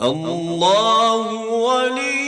الله ولي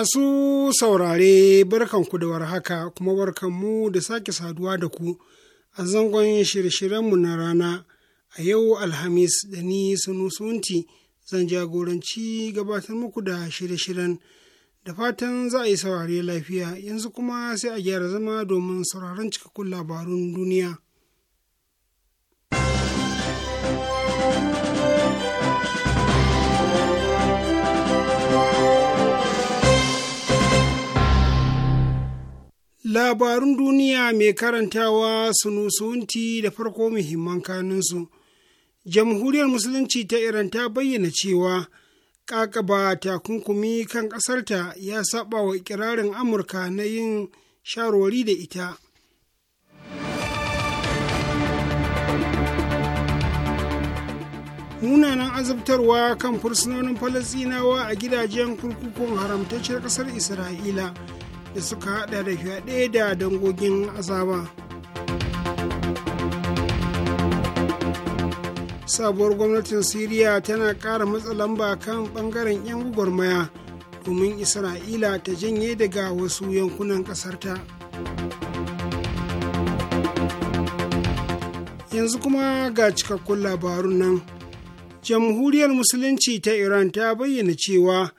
Masu saurare barkanku da haka kuma barkanmu da sake saduwa da ku a zangon shirye-shiryenmu na rana a yau Alhamis da ni sunti zan jagoranci gabatar muku da shirye-shiryen da fatan za a yi saurare lafiya yanzu kuma sai a gyara zama domin sauraron cikakkun labarun duniya. Labarun duniya mai karantawa sunusunti da farko muhimman kanunsu. Jamhuriyar Musulunci ta Iran ta bayyana cewa ƙaƙaba takunkumi kan ƙasarta ya saba wa ikirarin Amurka na yin sharori da ita. munanan azabtarwa kan fursunonin falasinawa a gidajen kurkukun haramtacciyar ƙasar isra'ila da suka hada da fyaɗe da dangogin azaba sabuwar gwamnatin siriya tana ƙara matsa lamba kan ɓangaren 'yan gwagwarmaya domin isra'ila ta janye daga wasu yankunan ƙasarta yanzu kuma ga cikakkun labarun nan jamhuriyar musulunci ta iran ta bayyana cewa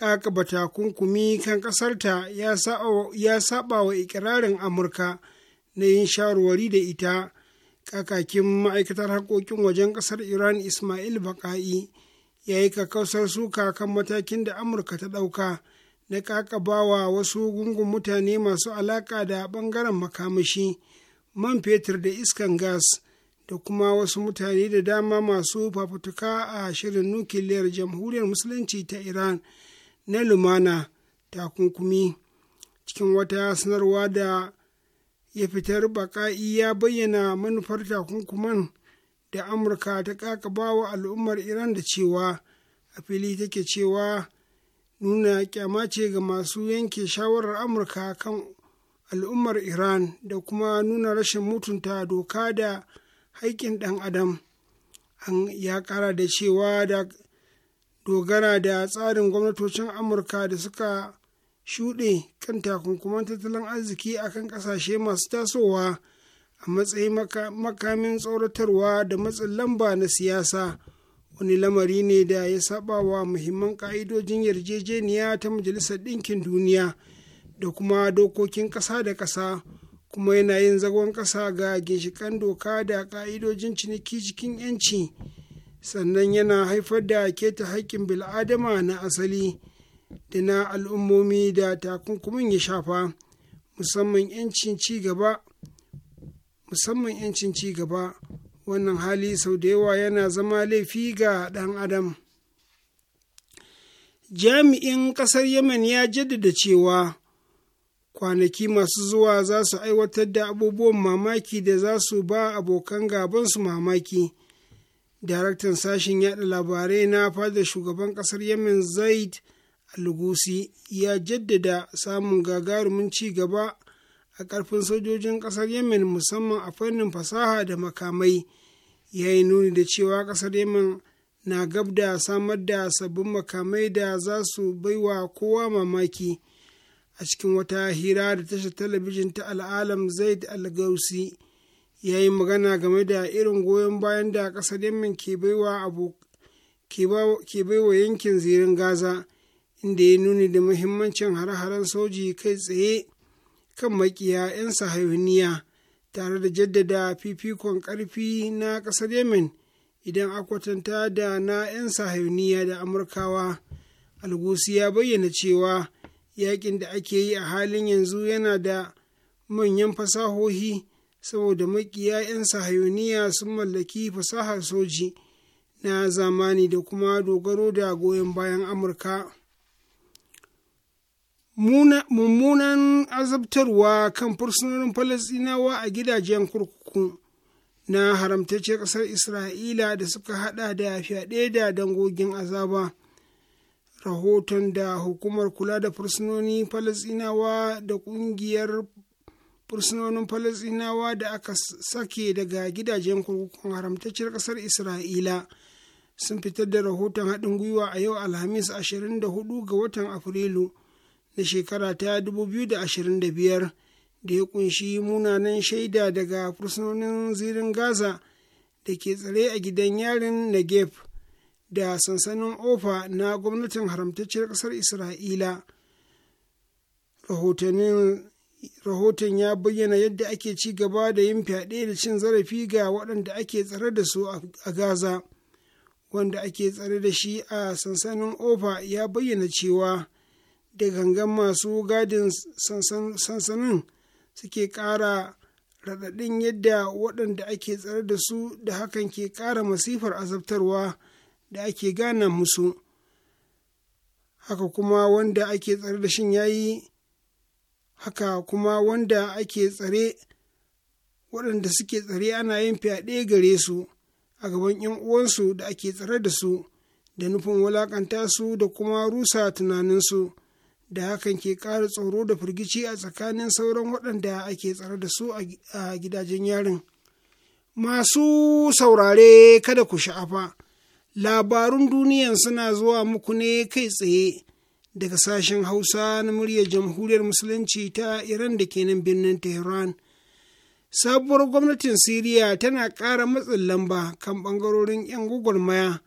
kakaba takunkumi kan ƙasarta ya saba wa ikirarin amurka na yin shawarwari da ita kakakin ma'aikatar harkokin wajen ƙasar iran ismail baka'i ya yi kakausar suka kan matakin da amurka ta ɗauka na bawa wasu gungun mutane masu alaƙa da ɓangaren makamashi man fetur da iskan gas da kuma wasu mutane da dama masu fafutuka a shirin nukiliyar jamhuriyar musulunci ta iran na lumana takunkumi cikin wata sanarwa da ya fitar baka'i ya bayyana manufar takunkuman da amurka ta kakaba wa al'ummar iran da cewa a fili take cewa nuna kyama ce ga masu yanke shawarar amurka kan al'ummar iran da kuma nuna rashin mutunta doka da haƙƙin ɗan adam ya ƙara da cewa da dogara da tsarin gwamnatocin amurka da suka shuɗe kan takunkuman tattalin arziki a kan ƙasashe masu tasowa a matsayin makamin tsoratarwa da matsin lamba na siyasa wani lamari ne da ya saba wa muhimman ƙa'idojin yarjejeniya ta majalisar ɗinkin duniya da kuma dokokin ƙasa da ƙasa kuma yana yin zagon ƙasa ga ginshikan doka da ƙa'idojin ciniki cikin 'yanci sannan yana haifar da keta haƙƙin bil'adama na asali da na al'ummomi da takunkumin ya shafa musamman 'yancin ci gaba wannan hali sau da yawa yana zama laifi ga ɗan adam jami'in ƙasar yemen ya jaddada cewa kwanaki masu zuwa za su aiwatar da abubuwan mamaki da za su ba abokan gabansu mamaki daraktan sashen yaɗa labarai na fadar shugaban ƙasar yemen zaid alugusi ya jaddada samun gagarumin ci gaba a ƙarfin sojojin ƙasar yemen musamman a fannin fasaha da makamai ya yi nuni da cewa ƙasar yemen na gab da samar da sabbin makamai da za su baiwa kowa mamaki a cikin wata hira da tashar talabijin ta al'alam zaid al-gausi ya yi magana game da irin goyon bayan da ƙasar yemen ke baiwa yankin zirin gaza inda ya nuni da muhimmancin har haren soji kai tsaye kan makiya 'yan sahayuniya tare da jaddada fifikon ƙarfi na ƙasar yemen idan a kwatanta da na 'yan sahayuniya da amurkawa algusi ya bayyana cewa yakin da ake yi a halin yanzu yana da manyan fasahohi saboda makiya 'yan sahayoniya sun mallaki fasahar soji na zamani da kuma dogaro da goyon bayan amurka mummunan azabtarwa kan fursunonin falasinawa a gidajen kurkuku na haramtacce ƙasar isra'ila da suka hada da fyaɗe da dangogin azaba rahoton da hukumar kula da fursunoni falasinawa da ƙungiyar fursunonin falasinawa da aka sake daga gidajen kurkukun haramtacciyar kasar isra'ila sun fitar da rahoton haɗin gwiwa a yau alhamis 24 ga watan afrilu na shekara ta 2025 da ya kunshi munanan shaida daga fursunonin zirin gaza da ke tsare a gidan yarin negev da sansanin ofa na gwamnatin haramtacciyar kasar isra'ila rahotannin rahoton ya bayyana yadda ake ci gaba da yin fyaɗe da cin zarafi ga waɗanda ake tsare da su a gaza wanda ake tsare da shi a sansanin ofa ya bayyana cewa da gangan masu gadin sansanin suke ƙara raɗaɗin yadda waɗanda ake tsare da su da hakan ke ƙara masifar azabtarwa da ake gana musu haka kuma wanda ake tsare da shin yayi haka kuma wanda ake tsare waɗanda suke tsare ana yin fyaɗe gare su a gaban 'yan uwansu da ake tsare da su da nufin wulaƙanta su da kuma rusa tunaninsu da hakan ke ƙara tsoro da firgici a tsakanin sauran waɗanda ake tsare da su a gidajen yarin masu saurare kada ku sha'afa labarun duniyan suna zuwa muku ne kai tsaye daga sashen hausa na muryar jamhuriyar musulunci ta iran da ke nan birnin tehran sabuwar gwamnatin siriya tana ƙara matsin lamba kan ɓangarorin 'yan gwagwarmaya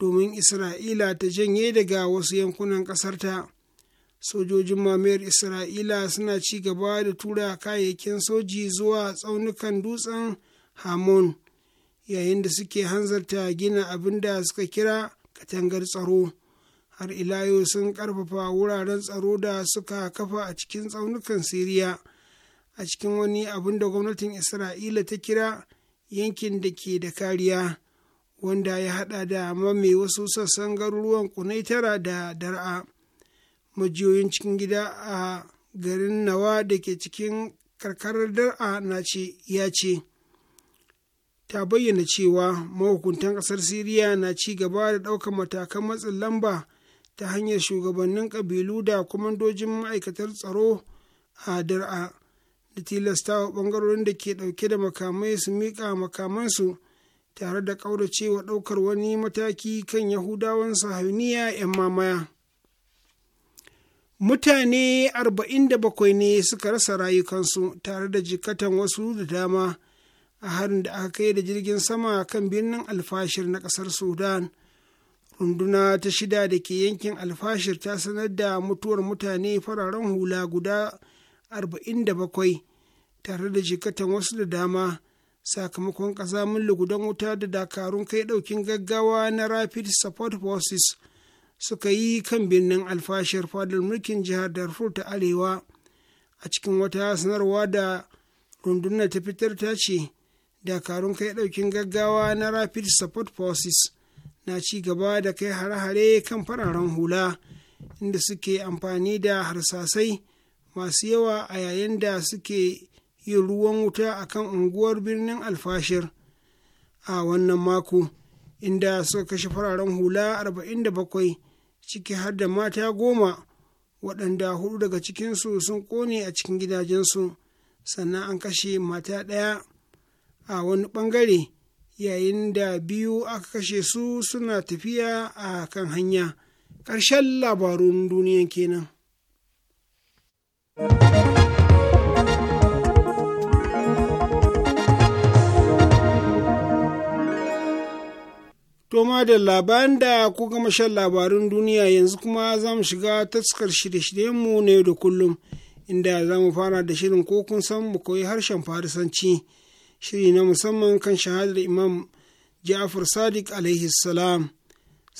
domin isra'ila ta janye daga wasu yankunan ƙasarta sojojin mamayar isra'ila suna ci gaba da tura kayayyakin soji zuwa tsaunukan dutsen hamon yayin da suke hanzarta gina abin da suka kira katangar tsaro har ilayo sun ƙarfafa wuraren tsaro da suka kafa a cikin tsaunukan siriya a cikin wani abin da gwamnatin isra'ila ta kira yankin da ke da kariya wanda ya haɗa da mai wasu sassan garuruwan kunaitara da dar'a majiyoyin cikin gida a garin nawa da ke cikin karkarar dar'a na ce ya ce ta bayyana cewa mahukuntan ƙasar siriya na ci gaba da ɗaukar matakan matsin lamba ta hanyar shugabannin ƙabilu da kwamandojin ma'aikatar tsaro a dar'a da tilastawa ɓangarorin da ke ɗauke da makamai su miƙa makamansu tare da ƙauracewa ɗaukar wani mataki kan yahudawan sahuniya 'yan mamaya mutane 47 ne suka rasa rayukansu tare da jikatan wasu da dama a harin da aka kai da jirgin sama kan birnin alfashir na ƙasar sudan runduna ta shida da ke yankin alfashir ta sanar da mutuwar mutane fararen hula guda 47 tare da jikatan wasu da dama sakamakon ƙazamin lugudan wuta da dakarun kai daukin gaggawa na rapid support forces suka yi kan birnin alfashir fadar mulkin jihar darfur ta arewa a cikin wata sanarwa da runduna ta fitar ta ce dakarun kai daukin gaggawa na rapid support forces na ci gaba da kai hare-hare kan fararen hula inda suke amfani da harsasai masu yawa a yayin da suke yin ruwan wuta a kan unguwar birnin alfashir a wannan mako inda suka kashe fararen hula 47 ciki har da mata goma waɗanda hudu daga cikinsu sun ƙone a cikin gidajensu sannan an kashe mata ɗaya a wani ɓangare yayin da biyu aka kashe su suna tafiya a kan hanya ƙarshen labarun duniyan kenan. Toma da labaran da ku gama shan labarun duniya yanzu kuma za mu shiga taskar shirye-shiryenmu na yau da kullum inda za mu fara da shirin ko kun san mu koyi harshen farisanci. shiri na musamman kan shahadar imam ja'far sadiq alaihi salam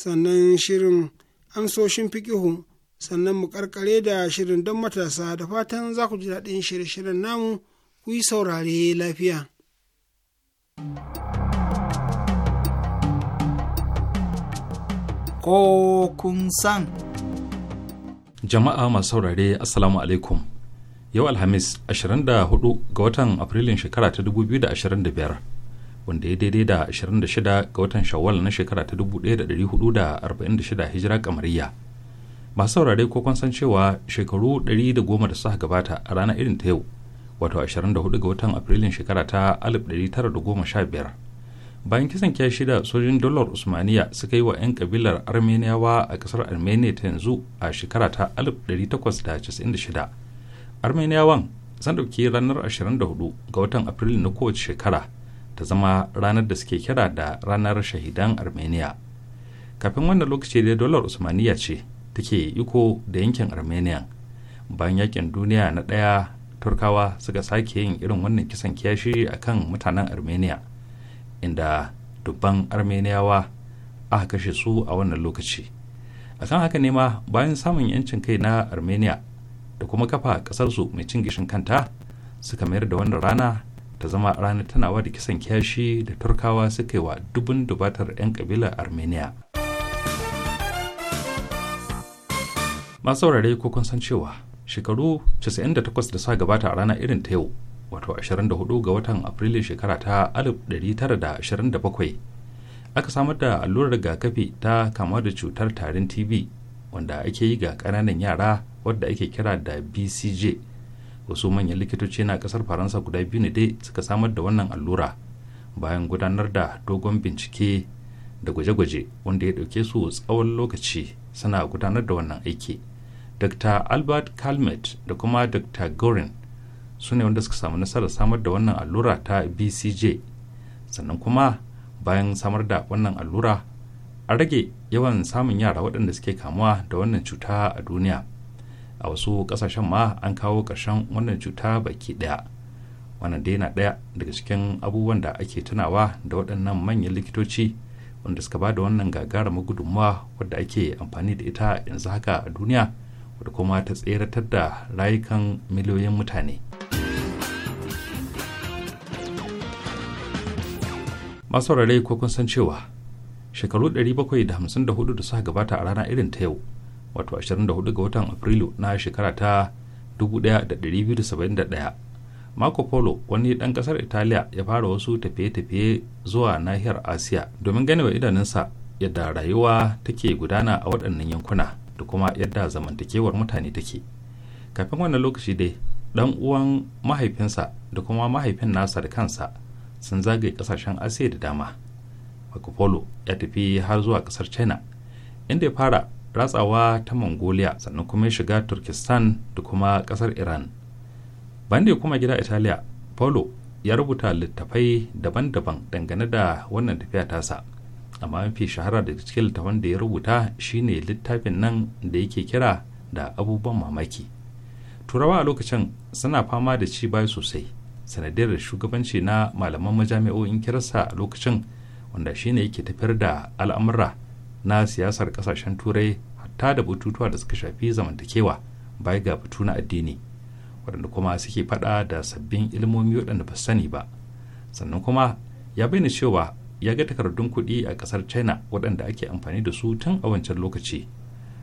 sannan shirin amsoshin fikihu sannan mu karkare da shirin don matasa da fatan za ku ji daɗin shirye-shiryen namu ku yi saurare lafiya. Ko kun san. Jama'a masu saurare, Assalamu alaikum. yau alhamis 24 ga watan afrilun shekara ta 2025 wanda ya daidai da 26 ga watan shawwal na shekara ta 1446 hijira kamariya masu saurare ko kun san cewa shekaru 110 da suka gabata a ranar irin ta yau wato 24 ga watan afrilun shekara ta 1915 bayan kisan kiyashi shida sojin dolar usmaniya suka yi wa 'yan kabilar armeniyawa a kasar armenia ta yanzu a shekara ta 1896 armeniyawan sun ɗauki ranar 24 ga watan afrilu na kowace shekara ta zama ranar da suke kira da ranar shahidan armeniya kafin wannan lokaci da dolar usmaniya ce take iko da yankin armeniya bayan yakin duniya na ɗaya turkawa suka sake yin irin wannan kisan kiyashi a kan mutanen armeniya inda dubban armeniyawa aka kashe su a wannan lokaci akan haka ne ma bayan samun yancin kai na armeniya da kuma kafa ƙasarsu mai cin gishin kanta suka mayar da wannan rana ta zama ranar tunawa da kisan kyashi da turkawa suka yi wa dubun dubatar 'yan kabila armenia masu ko kun san cewa shekaru 98 da sa gabata a rana irin ta yau wato 24 ga watan afrilu shekara ta 1927 aka samar da allurar rigakafi ta kama da cutar tarin tv wanda ake yi ga ƙananan yara wadda ake kira da bcj wasu manyan likitoci na kasar faransa guda biyu ne dai suka samar da wannan allura bayan gudanar da dogon bincike da gwaje-gwaje wanda ya dauke su tsawon lokaci suna gudanar da wannan aiki dr albert calmet da kuma dr gorin su ne wanda suka samu nasarar samar da wannan allura ta bcj sannan kuma bayan samar da wannan allura a rage yawan samun yara waɗanda suke kamuwa da wannan cuta a duniya a wasu kasashen ma an kawo karshen wannan cuta baki ɗaya wannan dai na ɗaya daga cikin abubuwan da ake tunawa da waɗannan manyan likitoci wanda suka ba da wannan gagara gudunmawa wadda ake amfani da ita yanzu haka a duniya wadda kuma ta tseratar da rayukan miliyoyin mutane masu saurare ko kun san cewa shekaru 754 da suka gabata a rana irin ta yau wato 24 ga watan afrilu na shekara ta 1271 marco polo wani ɗan ƙasar italiya ya fara wasu tafiye-tafiye zuwa nahiyar asiya domin ganewa idanunsa yadda rayuwa take gudana a waɗannan yankuna da kuma yadda zamantakewar mutane take kafin wannan lokaci dai ɗan uwan mahaifinsa da kuma mahaifin nasa da kansa sun zagaye ƙasashen asiya da dama marco polo ya tafi har zuwa ƙasar china inda ya fara ratsawa ta mongolia sannan kuma ya shiga turkistan da kuma kasar iran banda ya kuma gida italiya paulo ya rubuta littafai daban-daban dangane da wannan tafiya tasa amma mafi shahara da cikin littafin da ya rubuta shine littafin nan da yake kira da abubuwan mamaki turawa a lokacin suna fama da ci baya sosai sanadiyar shugabanci na malaman majami'o'in kirista a lokacin wanda shine yake tafiyar da al'amura na siyasar kasashen turai hatta da bututuwa da suka shafi zamantakewa baya ga batu na addini waɗanda kuma suke faɗa da sabbin ilmomi waɗanda ba sani ba sannan kuma ya bayyana cewa ya ga takardun kuɗi a ƙasar china waɗanda ake amfani da su tun a wancan lokaci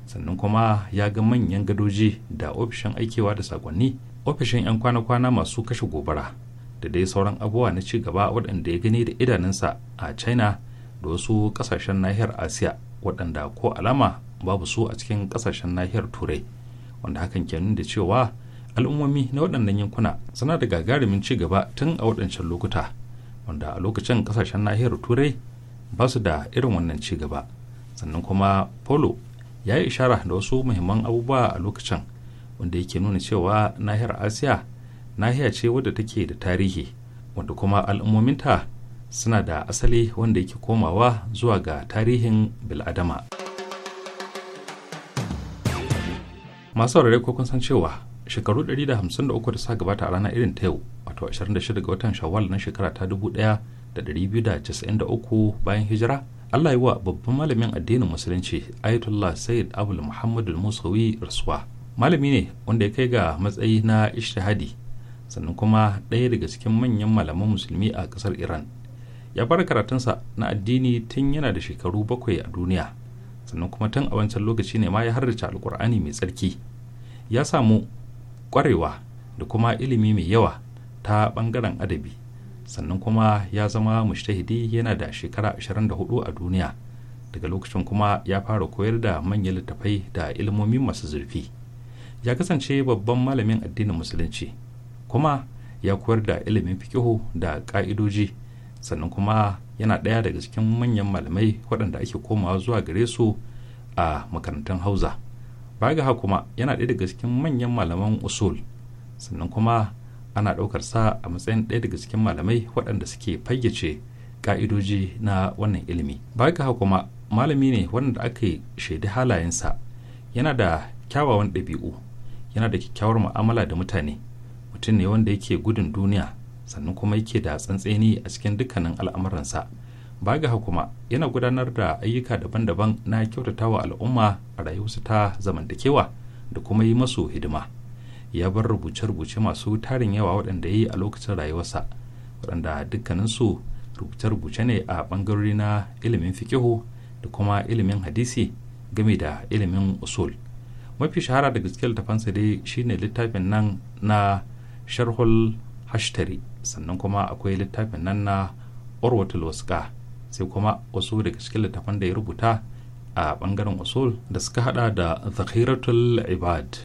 sannan kuma ya ga manyan gadoji da ofishin aikewa da sakonni ofishin 'yan kwana-kwana masu kashe gobara da dai sauran abubuwa na ci gaba waɗanda ya gani da idanunsa a china da wasu ƙasashen nahiyar asiya waɗanda ko alama babu su a cikin ƙasashen nahiyar turai wanda hakan ke nuna cewa al'ummomi na waɗannan yankuna suna da gagarumin ci gaba tun a waɗancan lokuta wanda a lokacin ƙasashen nahiyar turai ba su da irin wannan ci gaba sannan kuma polo ya yi ishara da wasu muhimman abubuwa a lokacin wanda yake nuna cewa nahiyar asiya nahiya ce wadda take da tarihi wanda kuma al'ummominta suna da asali wanda yake komawa zuwa ga tarihin biladama masu saurare ko kun san cewa shekaru 153 da suka gabata a rana irin ta yau wato 26 ga watan shawwal na shekara ta 1293 bayan hijira Allah yi wa babban malamin addinin musulunci Ayatollah Sayyid Abul Muhammadul Musawi rasuwa malami ne wanda ya kai ga matsayi na ishtihadi sannan kuma ɗaya daga cikin manyan malaman musulmi a ƙasar Iran ya fara karatunsa na addini tun yana da shekaru bakwai a duniya sannan kuma tun a wancan lokaci ne ma ya harrace alkur'ani mai tsarki ya samu kwarewa da kuma ilimi mai yawa ta bangaren adabi sannan kuma ya zama mushtahidi yana da shekara 24 a duniya daga lokacin kuma ya fara koyar da manyan littafai da ilimomi masu zurfi ya kasance babban malamin addinin musulunci kuma ya koyar da ilimin fikihu da ka'idoji sannan kuma yana ɗaya daga cikin manyan malamai waɗanda ake komawa zuwa gare su a makarantun hauza baya ga kuma yana ɗaya daga cikin manyan malaman usul sannan kuma ana ɗaukar sa a matsayin ɗaya daga cikin malamai waɗanda suke fayyace ka'idoji na wannan ilimi baya ga kuma malami ne wanda aka shaidi halayensa yana da kyawawan ɗabi'u yana da kyakkyawar mu'amala da mutane mutum ne wanda yake gudun duniya sannan kuma yake da tsantseni a cikin dukkanin al'amuransa ba baga hukuma yana gudanar da ayyuka daban-daban na kyautatawa al'umma a rayuwarsu ta zamantakewa da kuma yi masu hidima ya bar rubuce-rubuce masu tarin yawa waɗanda ya yi a lokacin rayuwarsa waɗanda dukkaninsu rubuce-rubuce ne a ɓangarori na ilimin fikihu da kuma ilimin hadisi game da ilimin usul mafi shahara daga cikin littafansa dai shine littafin nan na sharhul hashtari sannan kuma akwai littafin nan na orwatul wasqa sai kuma wasu daga cikin littafan da ya rubuta a bangaren usul da suka hada da zakhiratul ibad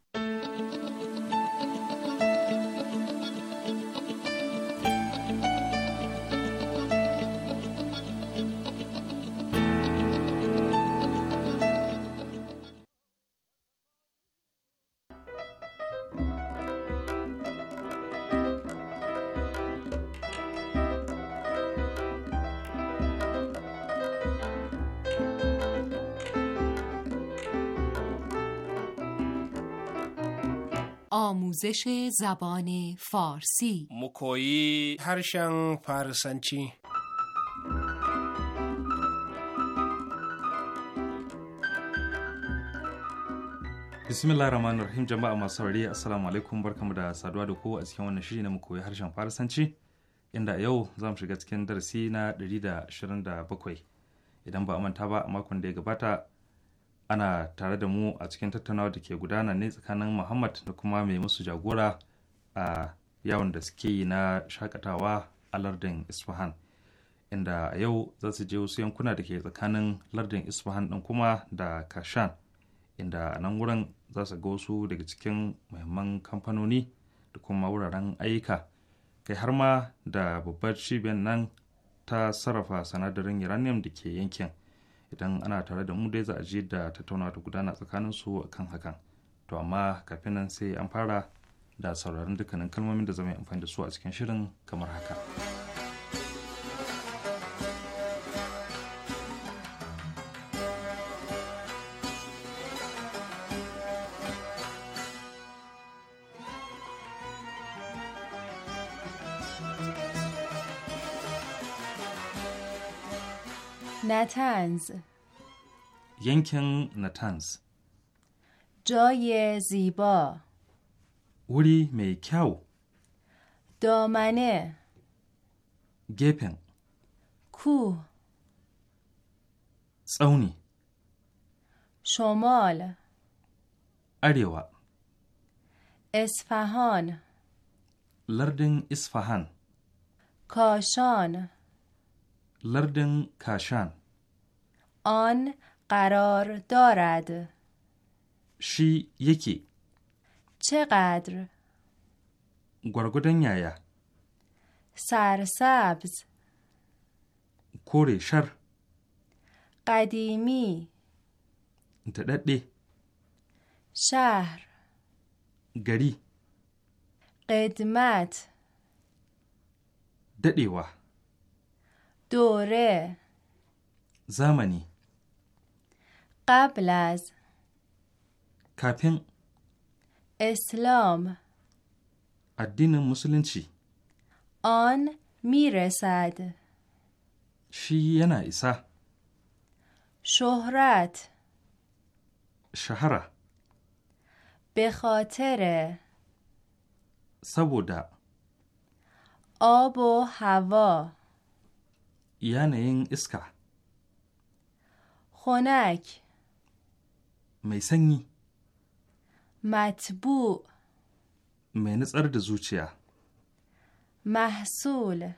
آموزش زبان فارسی مکویی هرشن فارسنچی bismillah rahman rahim jama'a masu saurari assalamu alaikum barkamu da saduwa da ku a cikin wannan shiri na mu koyi harshen farasanci inda yau za mu shiga cikin darasi na da bakwai idan ba a manta ba a makon da ya gabata ana tare da mu a cikin tattaunawa da ke gudana ne tsakanin muhammad da kuma mai musu jagora a yawon da suke yi na shakatawa a lardin isfahan inda a yau za su je wasu yankuna da ke tsakanin lardin isfahan ɗin kuma da kashan inda a nan wurin za su ga wasu daga cikin muhimman kamfanoni da kuma wuraren ayyuka kai har ma da babbar cibiyar nan ta sarrafa sanadarin uranium da ke yankin idan ana tare da mu dai za a je da tattaunawa ta gudana tsakanin su akan hakan to amma kafin nan sai an fara da sauraron dukkanin kalmomin da zama amfani da su a cikin shirin kamar haka. نتنز ینکن نتنز جای زیبا وری میکاو دامنه گپن کوه تسونی شمال اریوا اصفهان لردن اصفهان کاشان لردن کاشان آن قرار دارد شی یکی چقدر گرگودن یایا سرسبز کوری شر قدیمی ددده شهر گری قدمت ددیوه دوره زمانی قبل از کپین اسلام الدین چی؟ آن میرسد شی ینا شهرت شهره به خاطر سبودا آب و هوا یعنی این اسکا mai sanyi. Matbu. Mai natsar da zuciya. Mahsul.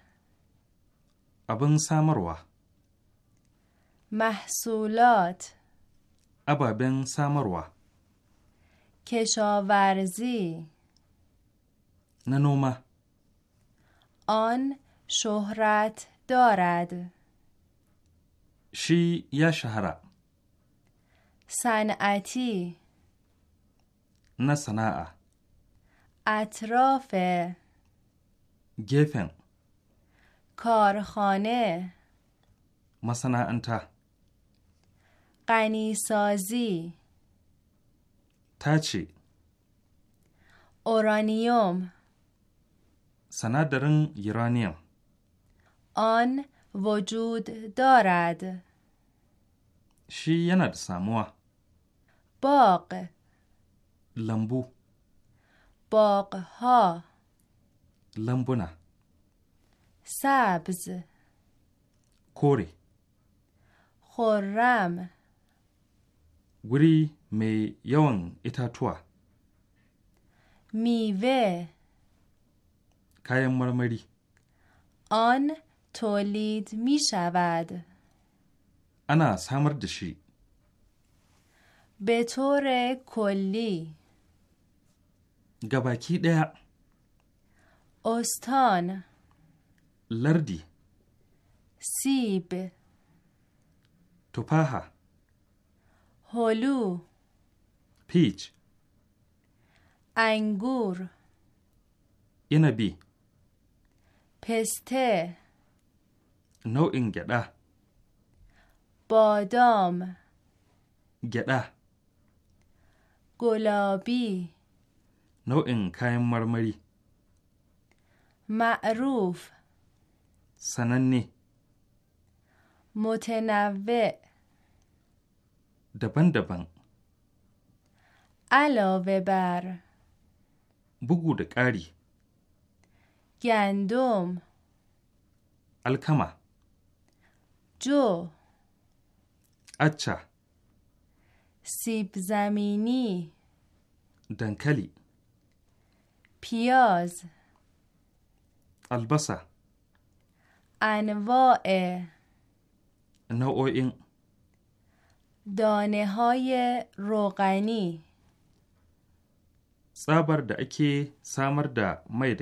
Abin samarwa. Mahsulat. Ababen samarwa. Keshawarzi. Na noma. On shuhrat dorad. Shi ya shahara. صنعتی نه صناعه اطراف گفن کارخانه انت قنیسازی تاچی اورانیوم سندرن یورانیوم آن وجود دارد شی یند ساموه باغ لمبو باغ ها لمبونا سبز کوری خورم گوری می یوان اتاتوا میوه کایم مرمری آن تولید می شود انا سامر دشی به طور کلی گباکی ده استان لردی سیب توپاها هلو پیچ انگور اینبی پسته نوع این گده بادام گده Golobi. Nau'in kayan marmari. Ma'ruf. Sananne. Mutanevbe. Daban-daban. Alo Bugu da ƙari. Ki Alkama. Jo. Aca. سیب زمینی دنکلی پیاز البسه انواع نوع این دانه های روغنی صبر دا اکی سامر دا mai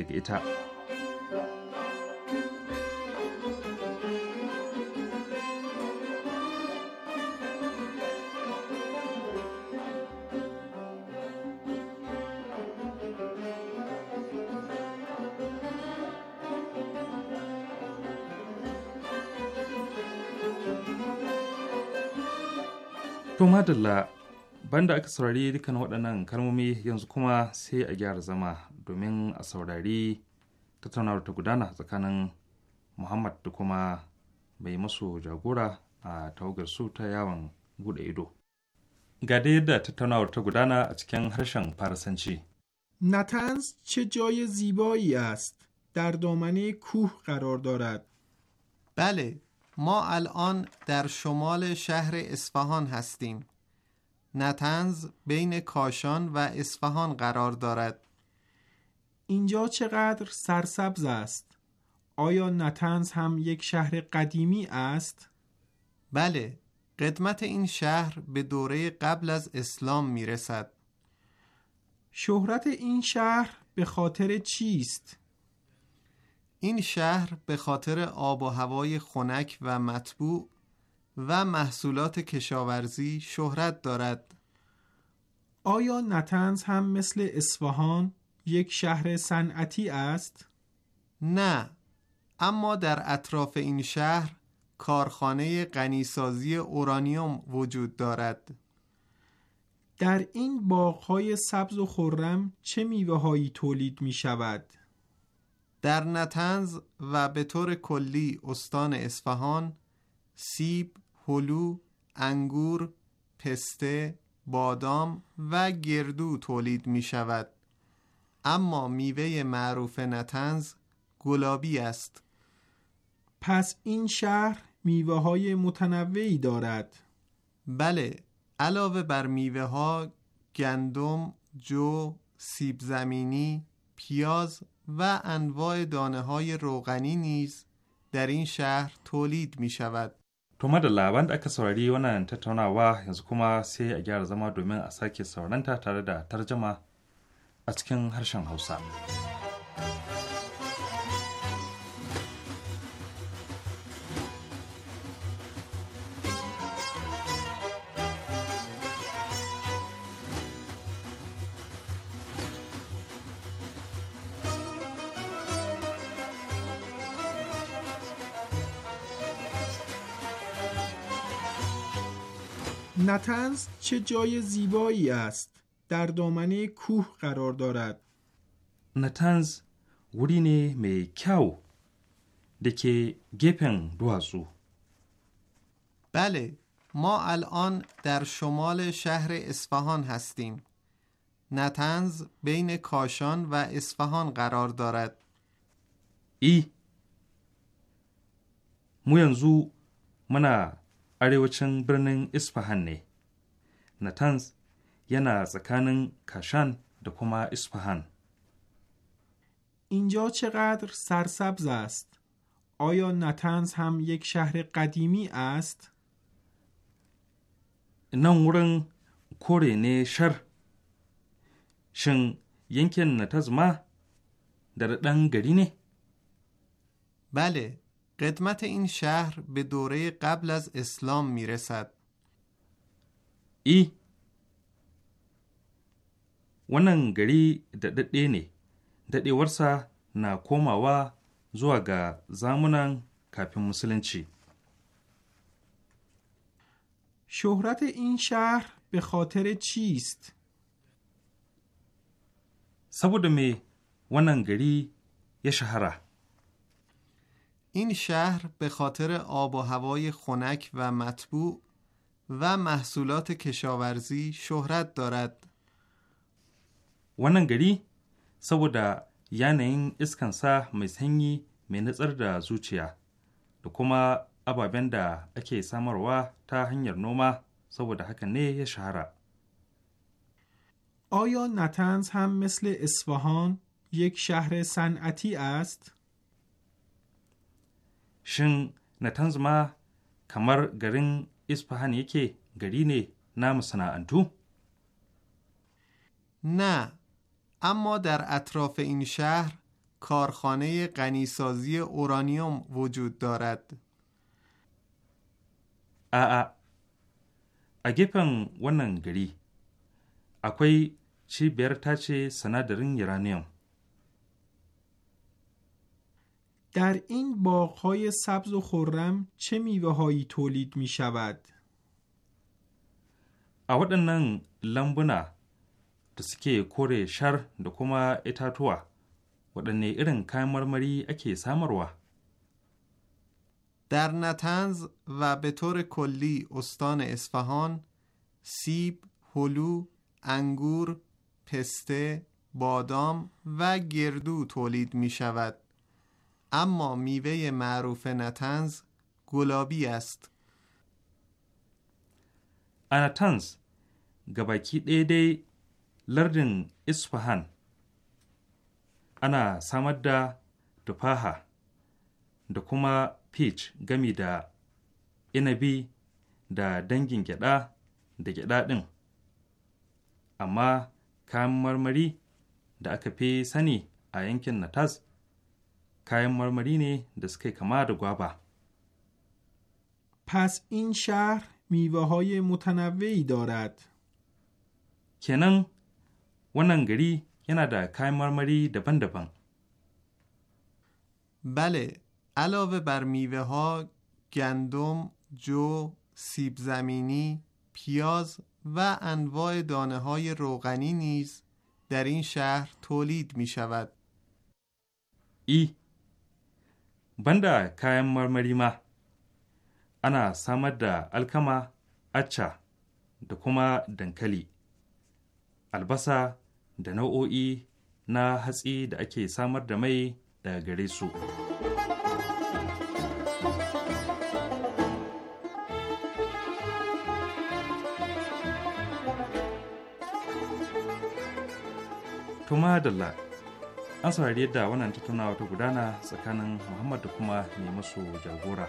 To madalla banda aka saurari dukkan waɗannan kalmomi yanzu kuma sai a gyara zama domin a saurari tattaunawar ta gudana tsakanin Muhammad da kuma mai masu jagora a tawagar su ta yawon bude ido. Ga dai yadda tattaunawar ta gudana a cikin harshen farasanci Natans چه جای زیبایی است در دامنه کوه قرار دارد ما الان در شمال شهر اصفهان هستیم نتنز بین کاشان و اصفهان قرار دارد اینجا چقدر سرسبز است آیا نتنز هم یک شهر قدیمی است بله قدمت این شهر به دوره قبل از اسلام میرسد شهرت این شهر به خاطر چیست این شهر به خاطر آب و هوای خنک و مطبوع و محصولات کشاورزی شهرت دارد آیا نتنز هم مثل اصفهان یک شهر صنعتی است؟ نه اما در اطراف این شهر کارخانه غنیسازی اورانیوم وجود دارد در این باغهای سبز و خورم چه میوه تولید می شود؟ در نتنز و به طور کلی استان اصفهان سیب، هلو، انگور، پسته، بادام و گردو تولید می شود. اما میوه معروف نتنز گلابی است. پس این شهر میوه های متنوعی دارد. بله، علاوه بر میوه ها گندم، جو، سیب زمینی، پیاز و انواع دانه های روغنی نیز در این شهر تولید می شود. da madalla da aka saurari wannan tattaunawa yanzu kuma sai a gyara zama domin a sake sauranta tare da tarjama a cikin harshen Hausa. نتنز چه جای زیبایی است در دامنه کوه قرار دارد نتنز ورینه می کاو kyau گپن دوازو. بله ما الان در شمال شهر اصفهان هستیم. نتنز بین کاشان و اصفهان قرار دارد. ای مو ینزو arewacin birnin Isfahan ne. Natanz yana tsakanin Kashan da kuma Isfahan. اینجا چقدر سرسبز است. آیا نتنز هم یک شهر قدیمی است؟ nan wurin kore ne shar shin yankin Natazma ma da ɗan gari ne? bale قدمت این شهر به دوره قبل از اسلام میرسد ای ونن گری ددده نی ددده ورسا نا کوم آوا زو اگا زامنن کپی مسلن شهرت این شهر به خاطر چیست؟ سبودمی ونن گری یه شهره این شهر به خاطر آب و هوای خنک و مطبوع و محصولات کشاورزی شهرت دارد. wannan gari saboda yanayin iskansa mai sanyi mai nutsar da zuciya da kuma ababen da ake samarwa ta hanyar noma saboda haka ne ya shahara. آیا نتنز هم مثل اصفهان یک شهر صنعتی است؟ shin Natanzma kamar garin Isfahan yake gari ne na masana'antu? نه اما در اطراف این شهر کارخانه غنیسازی اورانیوم وجود دارد آآ a gefen wannan gari akwai cibiyar tace sinadarin uranium در این باغهای سبز و خورم چه میوههایی تولید می شود؟ a waɗannan lambuna da suke شر، shar da kuma itatuwa waɗanne irin اکی marmari در نتنز و به طور کلی استان اصفهان سیب، هلو، انگور، پسته، بادام و گردو تولید می شود. اما میوه معروف نتنز گلابی است anatans ga baki dai lardin isfahan ana samar da tufaha da kuma peach gami da inabi da dangin gyaɗa da gyaɗa ɗin amma kayan marmari da aka fi sani a yankin natas kayan پس این شهر میوه های متنوعی دارد. کنن wannan gari yana da kayan بله علاوه بر میوه ها گندم، جو، سیب زمینی، پیاز و انواع دانه های روغنی نیز در این شهر تولید می شود. ای banda kayan marmari ma ana samar da alkama acca da kuma dankali albasa da nau'o'i na hatsi da ake samar da mai daga gare su. Tuma an saurari yadda wannan tattaunawa ta gudana tsakanin muhammad da kuma mai masu jagora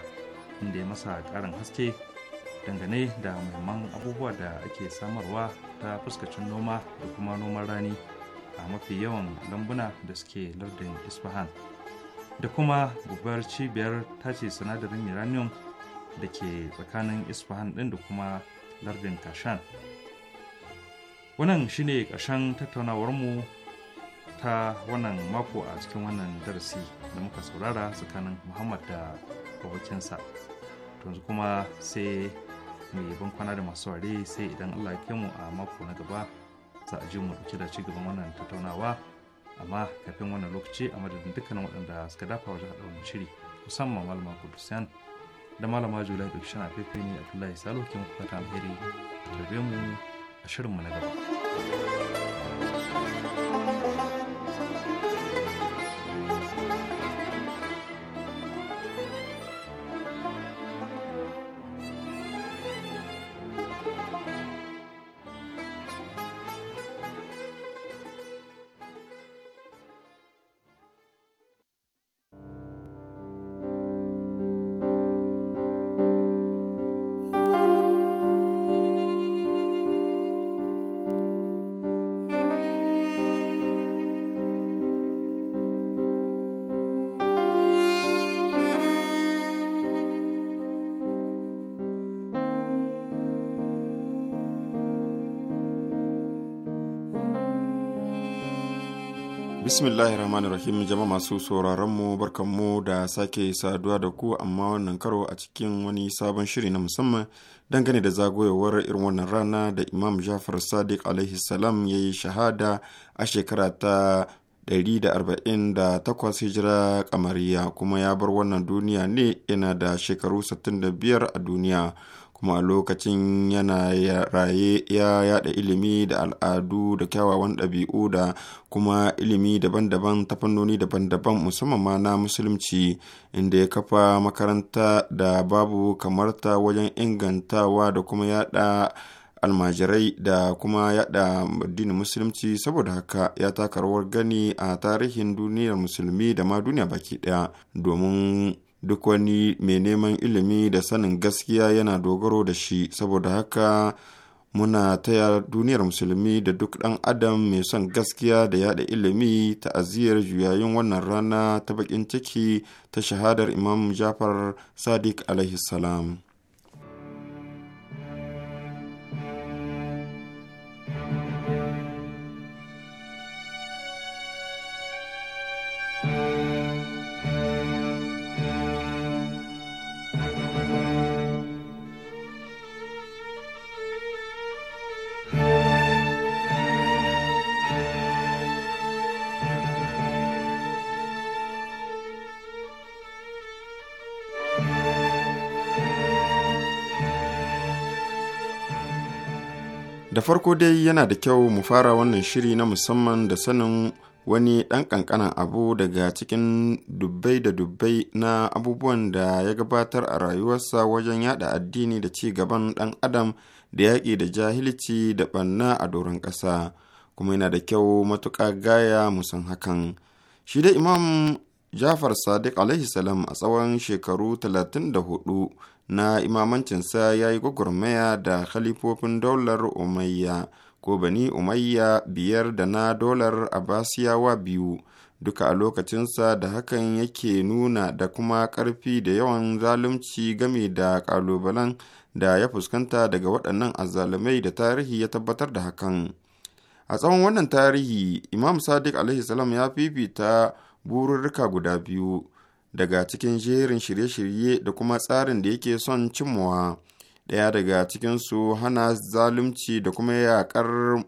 inda ya masa karin haske dangane da muhimman abubuwa da ake samarwa ta fuskacin noma da kuma noman rani a mafi yawan lambuna da suke lardin isfahan da kuma babbar cibiyar tace sinadarin uranium da ke tsakanin isfahan din da kuma lardin kashan wannan shine ƙarshen mu. ta wannan mako a cikin wannan darasi da muka saurara tsakanin muhammad da abokinsa yanzu kuma sai mai ban kwana da masu ware sai idan allah ya mu a mako na gaba za a ji mu dauke da ci gaban wannan tattaunawa amma kafin wannan lokaci a madadin dukkanin waɗanda suka dafa wajen haɗa wannan shiri musamman malama kudusiyan da malama julai da kishan afefe ne abdullahi salo ke muku fata alheri tarbe mu a shirinmu na gaba. bismillahi rahmanir rahim jama'a masu sauraron mu barkanmu da sake saduwa da ku amma wannan karo a cikin wani sabon shiri na musamman dangane da zagoyewar irin wannan rana da imam jafar sadiq alaihi salam ya yi shahada a shekara ta 148 hijira kamariya kuma ya bar wannan duniya ne yana da shekaru 65 a duniya kuma lokacin yana raye ya yada ilimi da al'adu da kyawawan ɗabi'u da kuma ilimi daban-daban ta fannoni daban-daban musamman ma na musulunci inda ya kafa makaranta da babu kamarta wajen ingantawa da kuma yada almajirai da kuma yada addinin musulunci saboda haka ya taka rawar gani a tarihin duniyar musulmi da ma duniya baki daya domin duk wani mai neman ilimi da sanin gaskiya yana dogaro da shi saboda haka muna taya duniyar musulmi da duk ɗan adam mai son gaskiya da yada ilimi ta aziyar juyayin wannan rana ta bakin ciki ta shahadar imam jafar sadiq alaihi salam Da farko dai yana da kyau mu fara wannan shiri na musamman da sanin wani ɗan ƙanƙanan abu daga cikin dubbai da dubbai na abubuwan da ya gabatar a rayuwarsa wajen yada addini da ci gaban ɗan adam da yaƙi da jahilci da ɓanna a doron ƙasa kuma yana da kyau matuƙa gaya musan hakan shi da imam jafar sadiq alaihi salam a tsawon shekaru 34 na imamancinsa ya yi gwagwarmaya da khalifofin Dolar umayya ko bani umayya biyar da na dolar abasiyawa biyu duka a lokacinsa da hakan yake nuna da kuma ƙarfi da yawan zalunci game da ƙalubalen da ya fuskanta daga waɗannan azzalumai da tarihi ya tabbatar da hakan a tsawon wannan tarihi imam sadiq alaihi ya fifita bururruka guda biyu daga cikin jerin shirye-shirye da kuma tsarin da yake son cimmawa ɗaya daga cikinsu hana zalunci da kuma yaƙar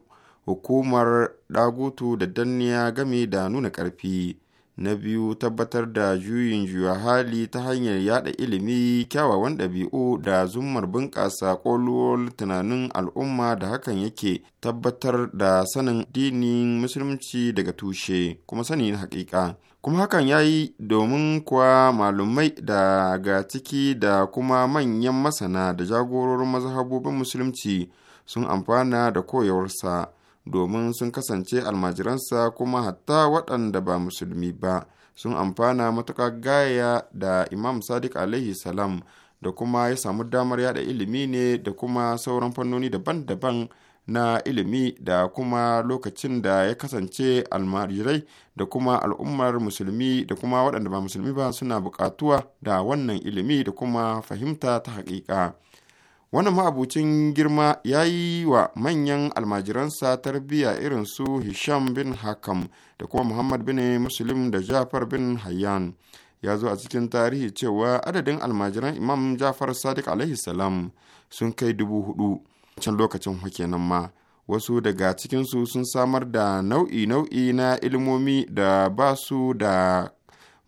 hukumar ɗagutu da danniya game da nuna ƙarfi na biyu tabbatar da juyin juya hali ta hanyar yada ilimi kyawawan ɗabi'u da zumar bunƙasa ƙoluwar tunanin al'umma da hakan yake tabbatar da sanin dinin musulunci daga tushe kuma sanin na haƙiƙa kuma hakan ya yi domin kuwa malumai daga ciki da kuma manyan masana da jagororin mazhabobin musulunci sun amfana da koyawarsa domin sun kasance almajiransa kuma hatta waɗanda ba musulmi ba sun amfana matuƙa gaya da imam sadiq alaihi salam da kuma ya samu damar yada ilimi ne da kuma sauran fannoni daban-daban na ilimi da kuma lokacin da ya kasance almarirai da kuma al'ummar musulmi da kuma waɗanda ba musulmi ba suna buƙatuwa da wannan ilimi da kuma fahimta ta haƙiƙa. Wannan ma'abucin girma ya yi wa manyan almajiransa tarbiyya irin su Hisham bin Hakam da kuma Muhammad bin Muslim da Jafar bin Hayyan. Ya zo a cikin tarihi cewa adadin almajiran Imam Jafar Sadiq alaihi salam sun kai dubu hudu. can lokacin kenan ma wasu daga cikinsu sun samar da nau'i-nau'i na ilmomi da ba su da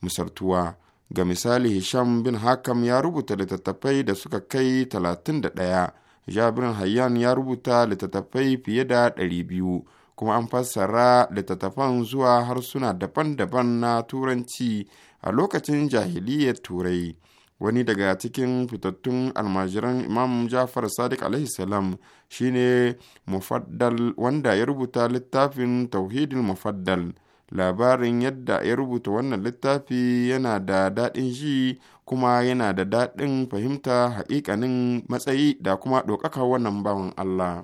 misaltuwa ga misali hisham bin hakam ya rubuta littattafai da suka kai talatin da ɗaya. jabirin hayyan ya rubuta littattafai fiye da 200 kuma an fassara littattafan zuwa harsuna daban-daban na turanci a lokacin jahiliyar turai wani daga cikin fitattun almajiran imam jafar sadiq alaihi salam shine mufaddal wanda ya rubuta littafin Tauhidin mufaddal labarin yadda ya rubuta wannan littafi yana da daɗin ji kuma yana da daɗin fahimta haƙiƙanin matsayi da kuma ɗaukaka wannan bawan allah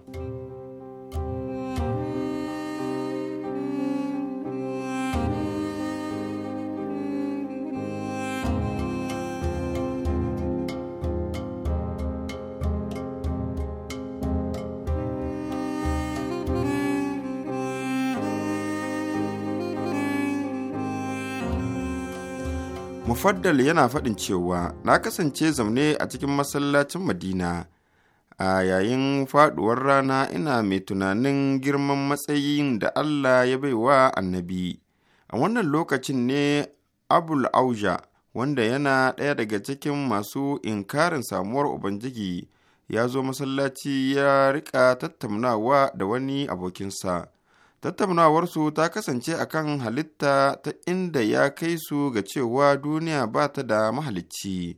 mufaddal yana faɗin cewa na kasance zaune a cikin masallacin madina a yayin faɗuwar rana ina mai tunanin girman matsayin da allah ya bai wa annabi a wannan lokacin ne abul auja wanda yana ɗaya daga cikin masu inkarin samuwar ubangiji ya zo masallaci ya rika tattaunawa da wani abokinsa tattaunawarsu ta kasance a kan halitta ta inda ya kai su ga cewa duniya ba ta da mahalicci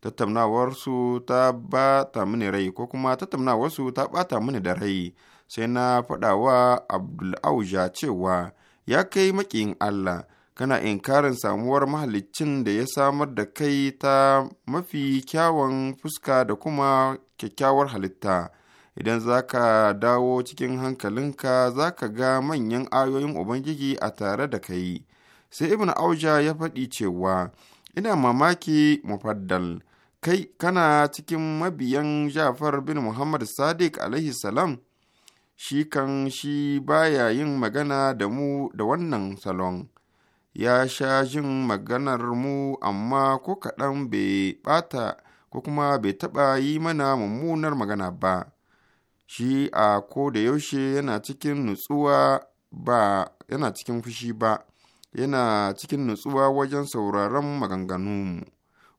tattaunawarsu ta bata mini rai ko kuma tattaunawarsu ta bata mini da rai sai na faɗawa abdulauja cewa ya kai maƙiyin allah kana inkarin samuwar mahaliccin da ya samar da kai ta mafi kyawun fuska da kuma kyakkyawar halitta idan za ka dawo cikin hankalinka za ka ga manyan ayoyin ubangiji a tare da kai sai ibn auja ya faɗi cewa ina mamaki mufaddal kai kana cikin mabiyan jafar bin muhammad sadiq alaihi salam shi kan shi baya yin magana da mu da wannan salon ya sha jin maganar mu amma ko kaɗan bai bata ko kuma bai taɓa yi mana mummunar magana ba shi a ko da yaushe yana cikin nutsuwa ba yana cikin fushi ba yana cikin nutsuwa wajen sauraron maganganunmu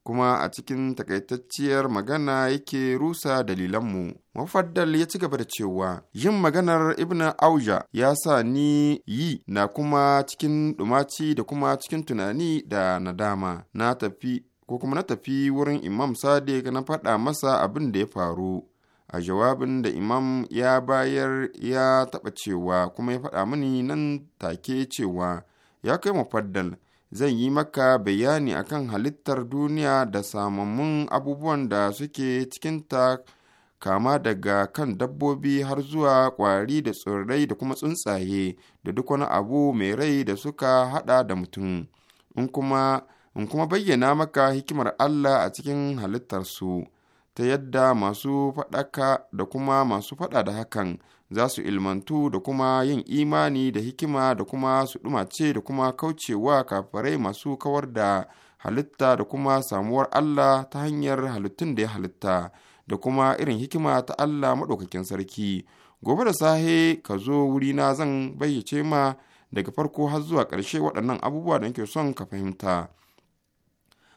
kuma a cikin takaitacciyar magana yake rusa dalilanmu mafaddal ya ci gaba da cewa yin maganar ibn auja ya sa ni yi na kuma cikin dumaci da kuma cikin tunani da nadama na tafi ko kuma na tafi wurin imam sadiq na faɗa masa abin da ya faru a jawabin da imam ya bayar ya taɓa cewa kuma ya faɗa mini nan take cewa ya kai mufaddal zan yi maka bayani akan halittar duniya da samammun abubuwan da suke cikinta kama daga kan dabbobi har zuwa ƙwari da tsirrai da kuma tsuntsaye da duk wani abu mai rai da suka haɗa da mutum in kuma kuma bayyana maka hikimar Allah a cikin halittarsu. su ta yadda masu faɗaka da kuma masu faɗa da hakan za su ilmantu da kuma yin imani da hikima da kuma su ɗumace da kuma kaucewa kafarai masu kawar da halitta da kuma samuwar Allah ta hanyar halittun da ya halitta da kuma irin hikima ta Allah maɗaukakin sarki. Gobe da sahe ka zo wurina zan bayyace ma daga farko har zuwa ƙarshe waɗannan abubuwa da nake son ka fahimta.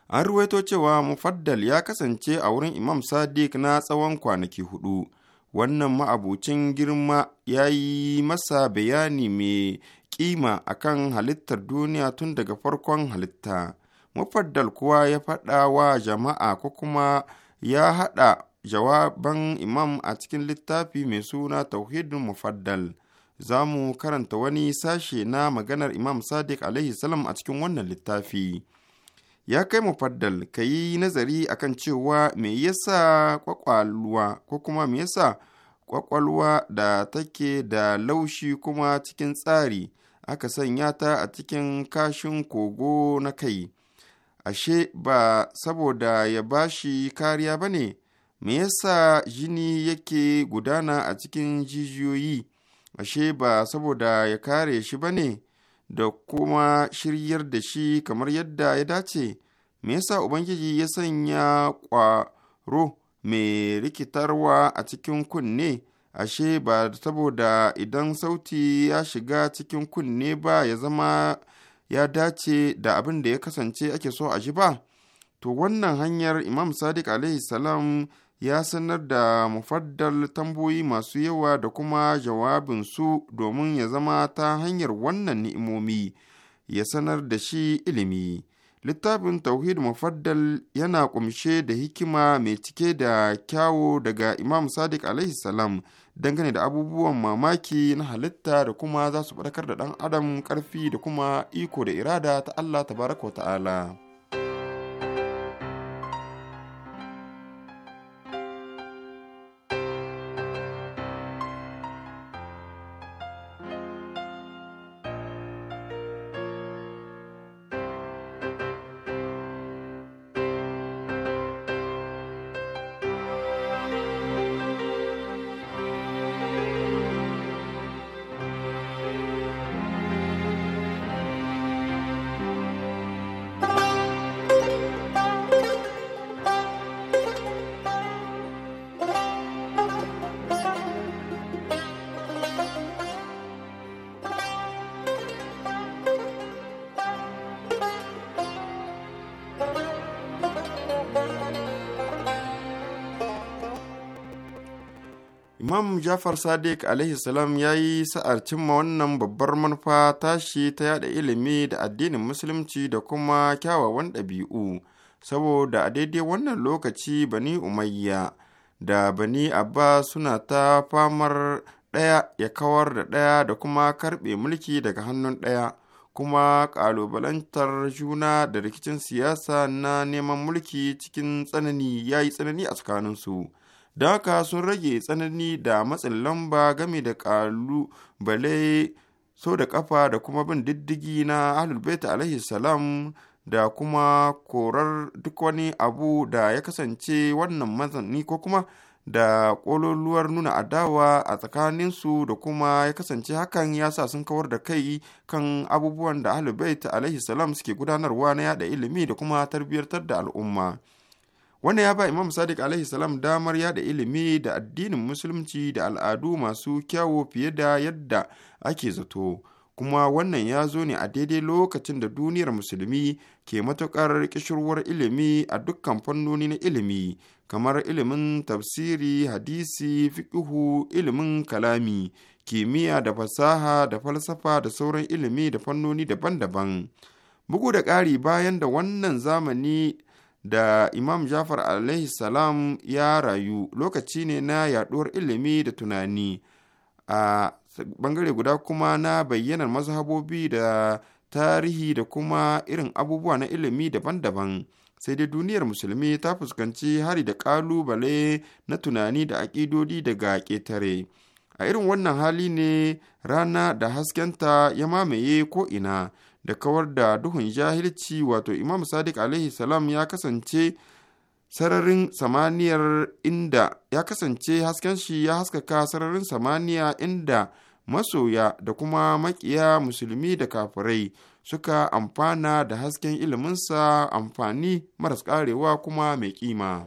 an ruwaito cewa mufaddal ya kasance a wurin imam sadiq na tsawon kwanaki hudu wannan ma'abucin girma ya yi masa bayani mai kima akan halittar duniya tun daga farkon halitta mufaddal kuwa ya faɗa wa jama'a ko kuma ya haɗa jawaban imam a cikin littafi mai suna tauhidin mufaddal za mu karanta wani sashe na maganar imam sadiq a cikin wannan littafi ya kai mu faddal ka yi nazari akan cewa me yasa kwakwalwa ko kuma me yasa kwakwalwa da take da laushi kuma cikin tsari aka sanya ta a cikin kashin kogo na kai ashe ba saboda ya ba shi kariya ba ne me yasa jini yake gudana a cikin jijiyoyi ashe ba saboda ya kare shi ba ne da kuma shiryar da shi kamar yadda ya dace me yasa ubangiji ya sanya kwaro mai rikitarwa a cikin kunne ashe ba saboda idan sauti ya shiga cikin kunne ba ya zama ya dace da abin da ya kasance ake so a ji ba to wannan hanyar imam sadiq alaihi salam ya sanar da mufaddal tamboyi masu yawa da kuma jawabinsu domin ya zama ta hanyar wannan ni'imomi ya sanar da shi ilimi. Littafin Tauhid mufaddal yana ƙumshe da hikima mai cike da kyawo daga Imam Sadiq alaihi salam dangane da abubuwan mamaki na halitta da kuma za su da ɗan adam ƙarfi da kuma iko da irada ta Allah tabaraka ta'ala. jafar sadiq alaihi salam ya yi sa'ar cimma wannan babbar manufa tashi ta yada ilimi da addinin musulunci da kuma kyawawan ɗabi'u saboda a daidai wannan lokaci bani umayya da bani abba suna ta famar ɗaya ya kawar da ɗaya da kuma karɓe mulki daga hannun ɗaya kuma ƙalubalantar juna da rikicin siyasa na neman mulki cikin tsanani ya yi tsanani a tsakaninsu da haka sun rage tsanani da matsin lamba game da ƙalubale sau da ƙafa da kuma bin diddigi na ahlulbaita alaihi salam da kuma korar duk wani abu da ya kasance wannan mazanni ko kuma da ƙololuwar nuna adawa a tsakaninsu da kuma ya kasance hakan ya sa sun kawar da kai kan abubuwan da ahlulbaita alaihi salam suke gudanarwa na yada ilimi da kuma tarbiyyantar da al'umma. Wannan ya ba Imam Sadiq alaihi salam damar yada ilimi da addinin musulunci da al'adu masu kyawu fiye da yadda ake zato. kuma wannan ya zo ne a daidai lokacin da duniyar musulmi ke matuƙar ƙishirwar ilimi a dukkan fannoni na ilimi kamar ilimin tafsiri hadisi fiƙihu ilimin kalami kimiyya da fasaha da falsafa da sauran ilimi da fannoni daban-daban bugu da ƙari bayan da wannan zamani da Imam Jafar alaihi salam ya rayu lokaci ne na yaɗuwar ilimi da tunani a bangare guda kuma na bayyanar mazhabobi da tarihi da kuma irin abubuwa na ilimi daban-daban. sai dai duniyar musulmi ta fuskanci hari da ƙalubale na tunani da aƙidodi daga ƙetare a irin wannan hali ne rana da haskenta ya mamaye ko'ina da kawar da duhun jahilci wato imam sadiq alaihi salam ya kasance sararin samaniyar inda ya kasance hasken shi ya haskaka sararin samaniya inda masoya da kuma makiya musulmi da kafirai suka amfana da hasken iliminsa amfani maras karewa kuma mai kima.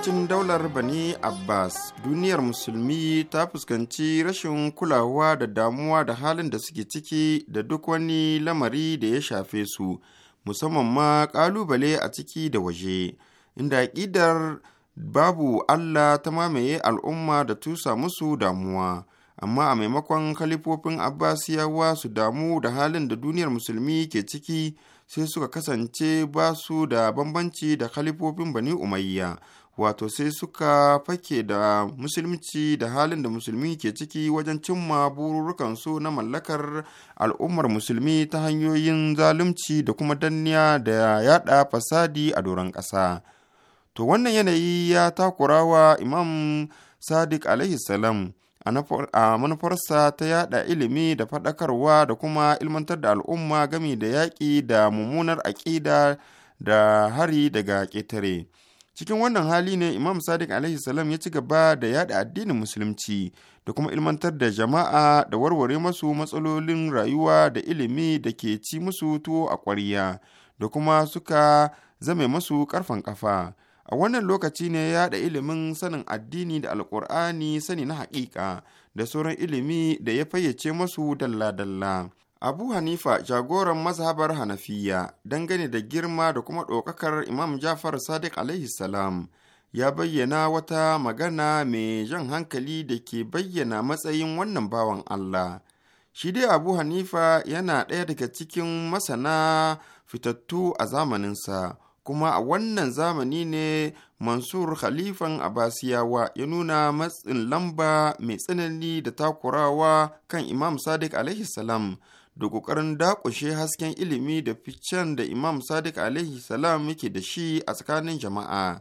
lokacin daular Bani Abbas, duniyar musulmi ta fuskanci rashin kulawa da damuwa da halin da suke ciki da duk wani lamari da ya shafe su, musamman ma kalubale a ciki da waje, inda ƙidar babu Allah ta mamaye al'umma da tusa musu damuwa. Amma a maimakon kalifofin Abbasiyawa su damu da halin da duniyar musulmi ke ciki, sai suka kasance ba su da bambanci da kalifofin Bani Umayya. wato sai suka fake da musulunci da halin da musulmi ke ciki wajen cimma bururukansu na mallakar al'ummar musulmi ta hanyoyin zalunci da kuma danniya da yada fasadi a doron ƙasa to wannan yanayi ya takurawa imam sadiq alaihi salam a manufarsa ta yada ilimi da faɗakarwa da kuma ilmantar da al'umma gami da yaƙi da mummunar aƙida da hari daga ƙetare. cikin wannan hali ne imam sadiq alaihi salam ya ci gaba da yada addinin musulunci da kuma ilmantar da jama'a da warware masu matsalolin rayuwa da ilimi da ke ci musu tuwo a kwarya da kuma suka zame masu karfan ƙafa a wannan lokaci ne ya da ilimin sanin addini da alkur'ani sani na haƙiƙa da sauran ilimi da ya fayyace masu dalla-dalla Abu Hanifa jagoran mazhabar Hanafiya dangane da girma da kuma ɗaukakar Imam Jafar Sadiq alaihi salam ya bayyana wata magana mai jan hankali da ke bayyana matsayin wannan bawan Allah. Shi dai Abu Hanifa yana ɗaya daga cikin masana fitattu a zamaninsa, kuma a wannan zamani ne Mansur Khalifan abasiyawa ya nuna matsin lamba mai tsanani da takurawa kan Imam Sadiq alaihi salam. da ƙoƙarin dakushe hasken ilimi da ficen da Imam Sadiq alaihi salam yake da shi a tsakanin jama'a.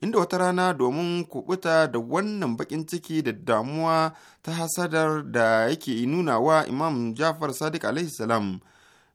Inda wata rana domin kubuta da wannan baƙin ciki da damuwa ta hasadar da yake nuna wa Imam Jafar Sadiq alaihi salam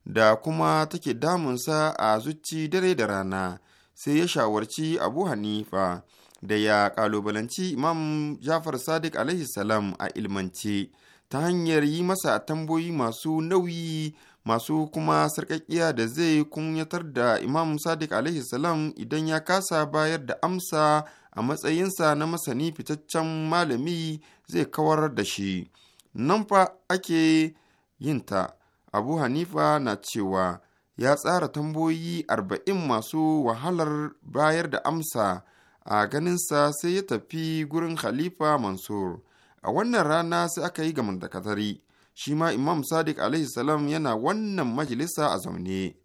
da kuma take damunsa a zuci dare da rana sai ya shawarci Abu Hanifa da ya ƙalubalanci Imam Jafar Sadiq alaihi salam a ilmance. ta hanyar yi masa tambayoyi masu nauyi masu kuma sarƙaƙƙiya da zai kunyatar da imam sadiq alaihi salam idan ya kasa bayar da amsa a matsayinsa na masani fitaccen malami zai kawar da shi nan fa ake yinta abu hanifa na cewa ya tsara tambayoyi arba'in masu wahalar bayar da amsa a ganinsa sai ya tafi gurin khalifa mansur a wannan rana sai aka yi ga da katari shi ma imam sadiq alaihi salam yana wannan majalisa a zaune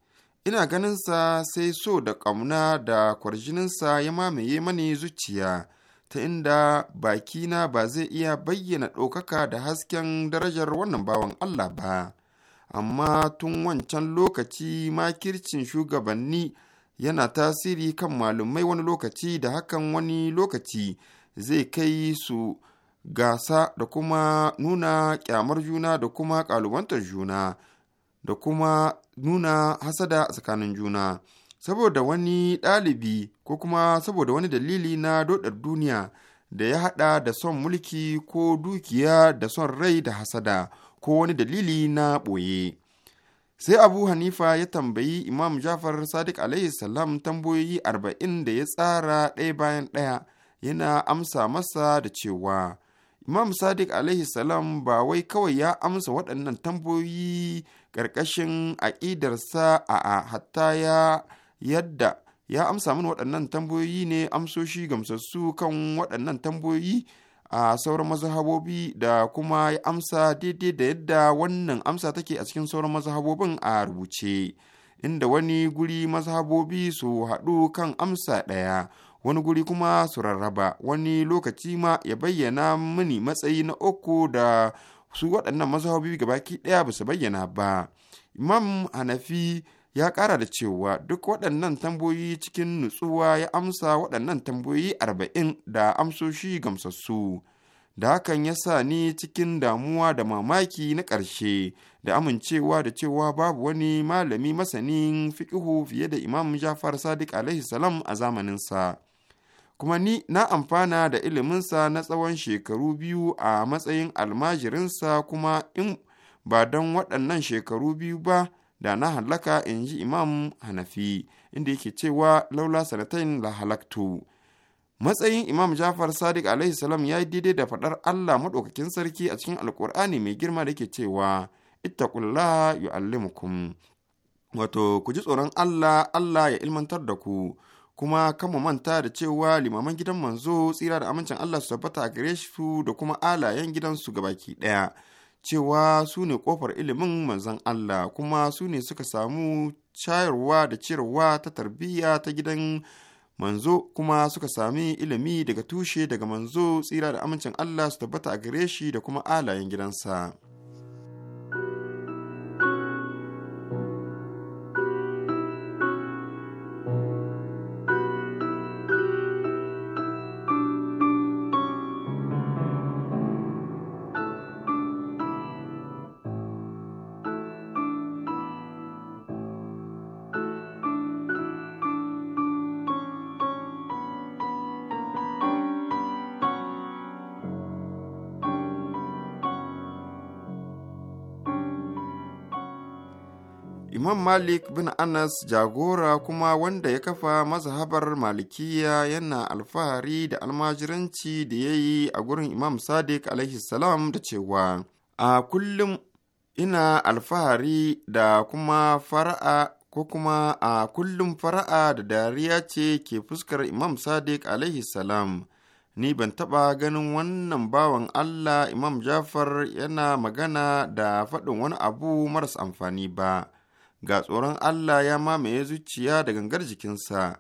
ina ganinsa sai so da ƙamna da kwarjininsa ya mamaye mani zuciya ta inda bakina ba zai iya bayyana ɗaukaka da hasken darajar wannan bawan Allah ba, amma tun wancan lokaci makircin shugabanni yana tasiri kan malumai wani lokaci da hakan wani lokaci zai kai su gasa da kuma nuna kyamar juna da kuma kalubantar juna da kuma nuna hasada tsakanin juna saboda wani ɗalibi ko kuma saboda wani dalili na dodar duniya da ya haɗa da son mulki ko dukiya da son rai da hasada ko wani dalili na ɓoye. sai abu hanifa ya tambayi imam jafar sadiq alaihi salam tambayoyi arba'in da ya tsara ɗaya bayan ɗaya yana amsa masa da cewa Imam Sadiq alaihi salam ba wai kawai ya amsa waɗannan tambayoyi ƙarƙashin aƙidarsa a hatta ya yadda ya amsa min waɗannan tambayoyi ne amsoshi gamsassu kan waɗannan tambayoyi a sauran mazhabobi da kuma ya amsa daidai da yadda wannan amsa take a cikin sauran mazhabobin a rubuce inda wani guri mazhabobi su haɗu kan amsa ɗaya wani guri kuma su rarraba wani lokaci ma ya bayyana mini matsayi na uku da su waɗannan mazhabi baki ɗaya ba su bayyana ba imam hanafi ya ƙara da cewa duk waɗannan tambayoyi cikin nutsuwa ya amsa waɗannan tambayoyi arba'in da amsoshi gamsassu da hakan ya sa ni cikin damuwa da mamaki na ƙarshe da amincewa da cewa babu wani malami masanin fiƙihu fiye da imam jafar sadiq alaihi salam a zamaninsa. kuma ni na amfana da iliminsa na tsawon shekaru biyu a matsayin almajirinsa kuma in ba don waɗannan shekaru biyu ba da na halaka in ji imam hanafi inda yake cewa laula sanatain la halaktu matsayin imam jafar sadiq alaihi salam ya yi daidai da faɗar allah maɗaukakin sarki a cikin alkur'ani mai girma da ke cewa ittaqullaha yu'allimukum wato ku ji tsoron allah allah ya ilmantar da ku kuma kama manta da cewa limaman gidan manzo tsira da amincin Allah su tabbata a gare su da kuma alayen gidansu gabaki ɗaya cewa su ne kofar ilimin manzon Allah kuma su ne suka samu shayarwa da ciyarwa ta tarbiyya ta gidan manzo kuma suka sami ilimi daga tushe daga manzo tsira da amincin Allah su tabbata a gare shi da kuma alayen gidansa. Malik bin Anas jagora kuma wanda ya kafa mazhabar Malikiya yana alfahari da almajiranci da ya yi a gurin Imam Sadiq alaihi da cewa a kullum ina alfahari da kuma fara'a ko kuma a kullum fara'a da dariya ce ke fuskar Imam Sadiq alaihi Ni ban taɓa ganin wannan bawan Allah Imam Jafar yana magana da faɗin wani abu maras amfani ba. ga tsoron Allah ya mamaye zuciya da gangar jikinsa.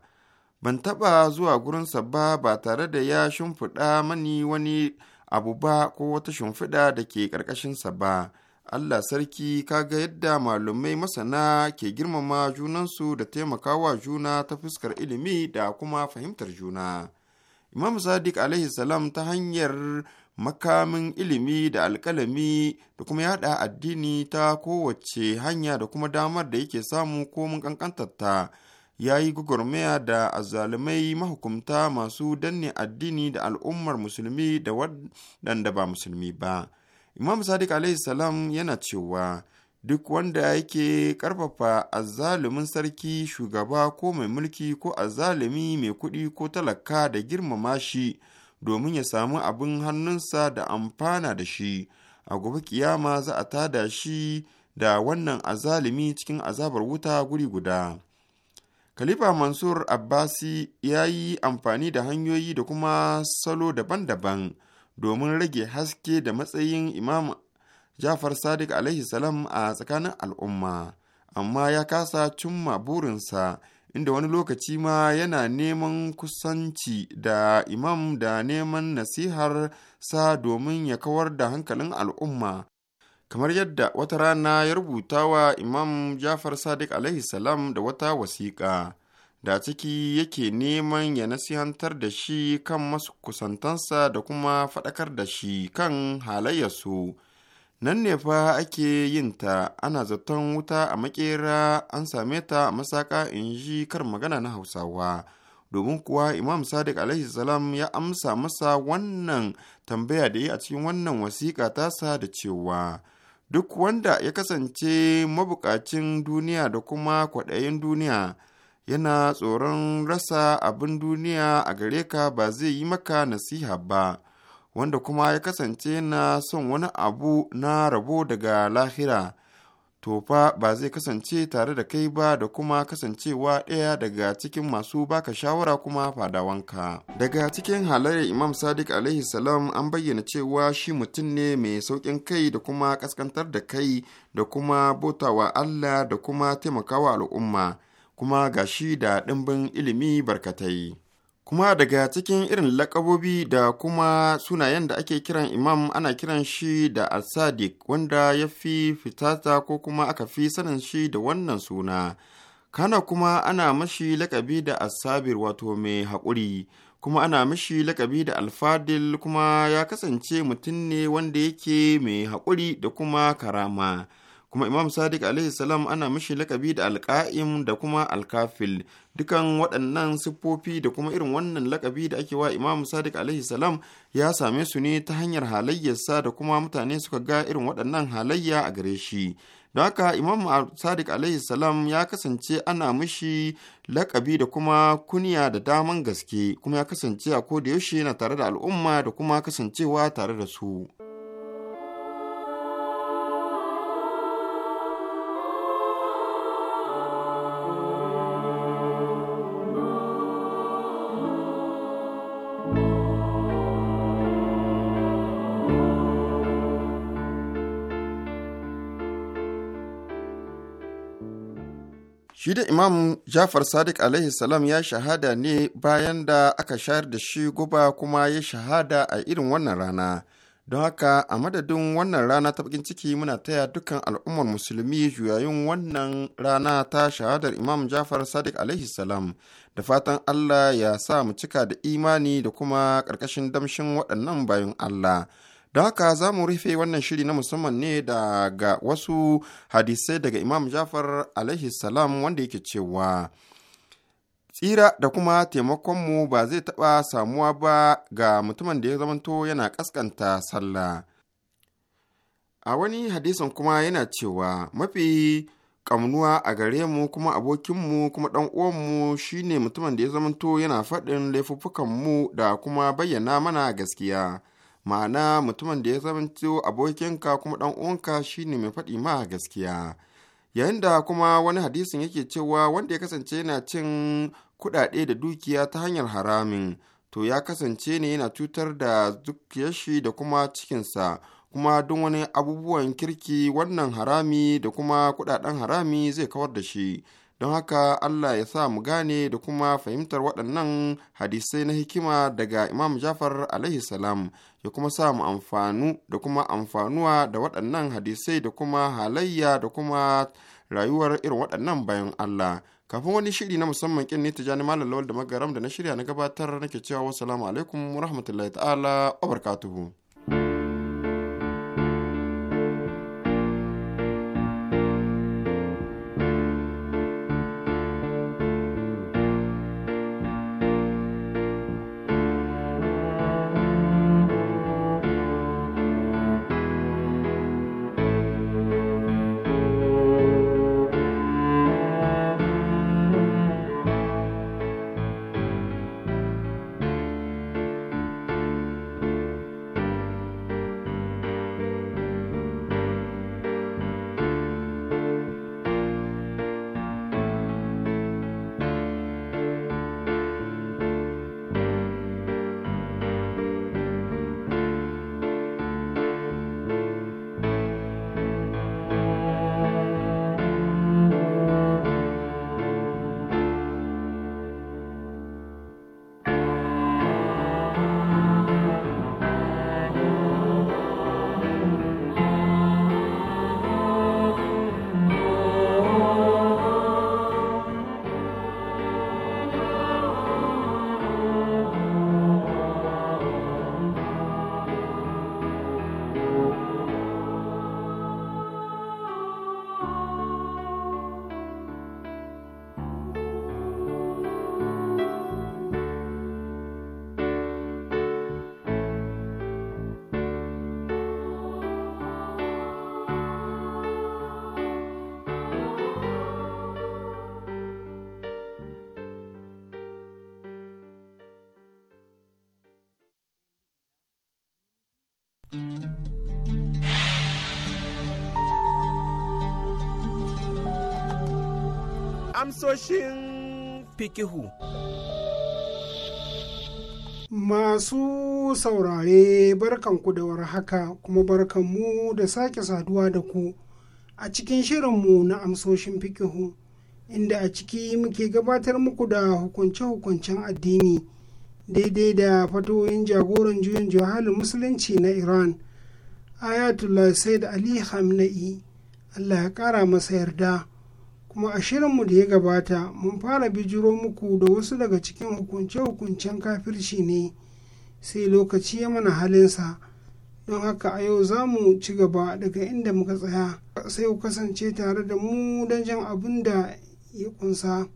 Ban taɓa zuwa gurinsa ba ba tare da ya shimfiɗa mani wani abu ba ko wata shimfiɗa da ke ƙarƙashinsa ba. Allah sarki ka ga yadda malumai masana ke girmama junansu da taimakawa juna ta fuskar ilimi da kuma fahimtar juna. Imam Sadiq alaihi salam ta hanyar makamin ilimi da alkalami da kuma yada addini ta kowace hanya da kuma damar da yake samu komin kankantarta ya yi gwagwarmaya da azalumai mahukumta masu danne addini da al'ummar musulmi da waɗanda ba musulmi ba imam sadiq salam yana cewa duk wanda yake karfafa azzalumin sarki shugaba ko mai mulki ko azzalumi mai kuɗi ko talaka da girmama shi domin ya samu abin hannunsa da amfana da shi a gobe kiyama za a tada shi da wannan azalimi cikin azabar wuta guri guda khalifa mansur abbasi ya yi amfani da hanyoyi da kuma salo daban-daban domin rage haske da matsayin imam jafar sadiq a tsakanin al'umma amma ya kasa cimma burinsa inda wani lokaci ma yana neman kusanci da imam da neman nasihar sa domin ya kawar da hankalin al'umma kamar yadda wata rana ya rubuta wa imam jafar sadiq alaihi da wata wasiƙa da ciki yake neman ya nasihantar da shi kan masu kusantansa da kuma faɗakar da shi kan halayyarsu. su nan ne fa ake yin ta ana zaton wuta a makera an same ta a masaka in ji kar magana na hausawa domin kuwa imam sadiq alaihi salam ya amsa masa wannan tambaya da yi a cikin wannan wasiƙa tasa da cewa duk wanda ya kasance mabukacin duniya da kuma kwaɗayin duniya yana tsoron rasa abin duniya a gare ka ba zai yi maka nasiha ba wanda kuma ya kasance na son wani abu na rabo daga lahira to fa ba zai kasance tare da kai ba da kuma kasancewa ɗaya daga cikin masu baka shawara kuma fadawanka daga cikin halayyar imam sadiq alaihi salam an bayyana cewa shi mutum ne mai sauƙin kai da kuma ƙasƙantar da kai da kuma bautawa allah da kuma taimakawa al'umma kuma gashi da ɗimbin ilimi barkatai kuma daga cikin irin lakabobi da kuma sunayen da ake kiran imam ana kiran shi da al-sadiq wanda ya fi fitata ko kuma aka fi sanin shi da wannan suna kana kuma ana mashi lakabi da al-sabir wato mai haƙuri kuma ana mashi lakabi da alfadil kuma ya kasance mutum ne wanda yake mai haƙuri da kuma karama kuma imam sadiq alaihi salam ana mishi lakabi da alka'im da kuma alkafil dukan waɗannan siffofi da kuma irin wannan lakabi da ake wa imam sadiq alaihi salam ya same su ne ta hanyar halayyarsa da kuma mutane suka ga irin waɗannan halayya a gare shi don haka imam sadiq alaihi salam ya kasance ana mishi lakabi da kuma kuniya da daman gaske kuma ya kasance a da yaushe na tare da al'umma da kuma kasancewa tare da su. Shi da Imam Jafar Sadiq alaihi salam ya shahada ne bayan da aka shayar da shi guba kuma ya shahada a irin wannan rana. Don haka a madadin wannan rana ta bakin ciki muna taya dukkan al'ummar musulmi juyayin wannan rana ta shahadar Imam Jafar Sadiq alaihi salam da fatan Allah ya sa mu cika da imani da kuma ƙarƙashin damshin waɗannan bayan Allah. da haka za mu rufe wannan shiri na musamman ne daga wasu hadisai daga imam jafar alaihi salam wanda yake cewa tsira da kuma taimakonmu ba zai taɓa samuwa ba ga mutumin da ya zamanto yana ƙasƙanta sallah a wani hadisin kuma yana cewa mafi ƙamnuwa a gare mu kuma abokinmu kuma ɗan uwanmu shine mutumin da ya zamanto yana faɗin laifuffukanmu da kuma bayyana mana gaskiya ma'ana mutumin da ya zamanto abokinka kuma ɗan uwanka shine mai faɗi ma gaskiya yayin da kuma wani hadisin yake cewa wanda ya kasance yana cin kuɗaɗe da dukiya ta hanyar haramin to ya kasance ne yana cutar da dukiyashi da kuma cikinsa kuma duk wani abubuwan kirki wannan harami da kuma kudaden harami zai kawar da shi don haka Allah ya sa mu gane da kuma fahimtar waɗannan hadisai na hikima daga Imam Jafar alaihi salam ya kuma sa mu amfanu da kuma amfanuwa da waɗannan hadisai da kuma halayya da kuma rayuwar irin waɗannan bayan Allah. Kafin wani shiri na musamman kin ni tijani malam lawal da magaram da na shirya na gabatar nake cewa wasalamu alaikum wa rahmatullahi ta'ala wa barakatuhu. amsoshin fikihu. Masu saurare barkanku da warhaka kuma barkanmu da sake saduwa da ku a cikin shirinmu na amsoshin fikihu inda a ciki muke gabatar muku da hukunce-hukuncen addini daidai da fatoyin jagoran juyin jihalin musulunci na Iran Ayatollah Said Ali Hamna'i Allah ya ƙara masa yarda. kuma a shirinmu da ya gabata mun fara bijiro muku da wasu daga cikin hukunce-hukuncen kafirci ne sai lokaci ya mana halinsa don haka a yau za mu ci gaba daga inda muka tsaya sai ku kasance tare da mu don jan abin da ya kunsa.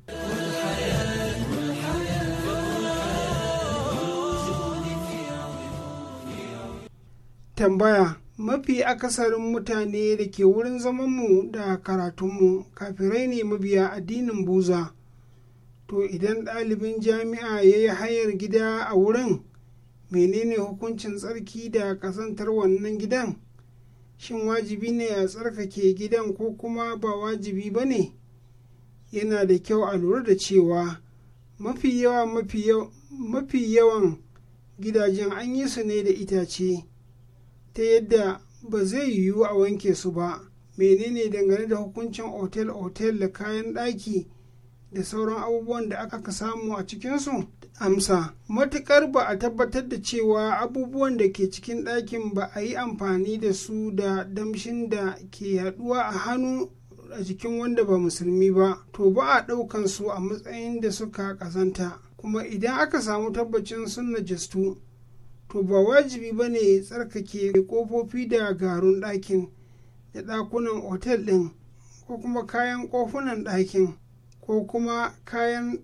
tambaya mafi akasarin mutane da ke wurin zamanmu da karatunmu kafirai ne mabiya addinin buza to idan ɗalibin jami'a ya yi hayar gida a wurin menene hukuncin tsarki da kasantar wannan gidan shin wajibi ne a tsarkake gidan ko kuma ba wajibi ba ne yana da kyau a lura da cewa mafi yawan gidajen an yi su ne da itace ta yadda ba zai yiwu a wanke su ba menene dangane da hukuncin otel-otel da kayan ɗaki da sauran abubuwan da aka samu a cikinsu amsa matukar ba a tabbatar da cewa abubuwan da ke cikin ɗakin ba a yi amfani da su da damshin da ke yaduwa a hannu a jikin wanda ba musulmi ba to ba a ɗaukan su a matsayin da suka ƙazanta kuma idan aka samu tabbacin sun najistu to ba wajibi ba ne ya tsarkake kofofi da garun ɗakin da ɗakunan otel ɗin ko kuma kayan kofunan ɗakin ko kuma kayan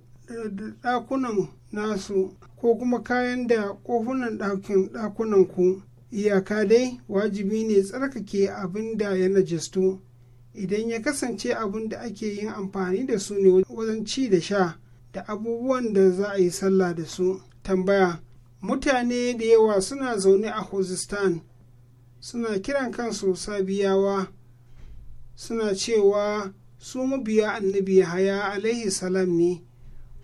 ɗakunan nasu ko kuma kayan da kofunan ɗakin ɗakunan ku iyaka dai wajibi ne tsarkake abin da ya najistu idan ya kasance abin da ake yin amfani da su ne wajen ci da sha da abubuwan da za a yi sallah da su tambaya mutane da yawa suna zaune a khuzistan suna kiran kansu sabiyawa suna cewa su mabiya annabi haya alaihi salam ne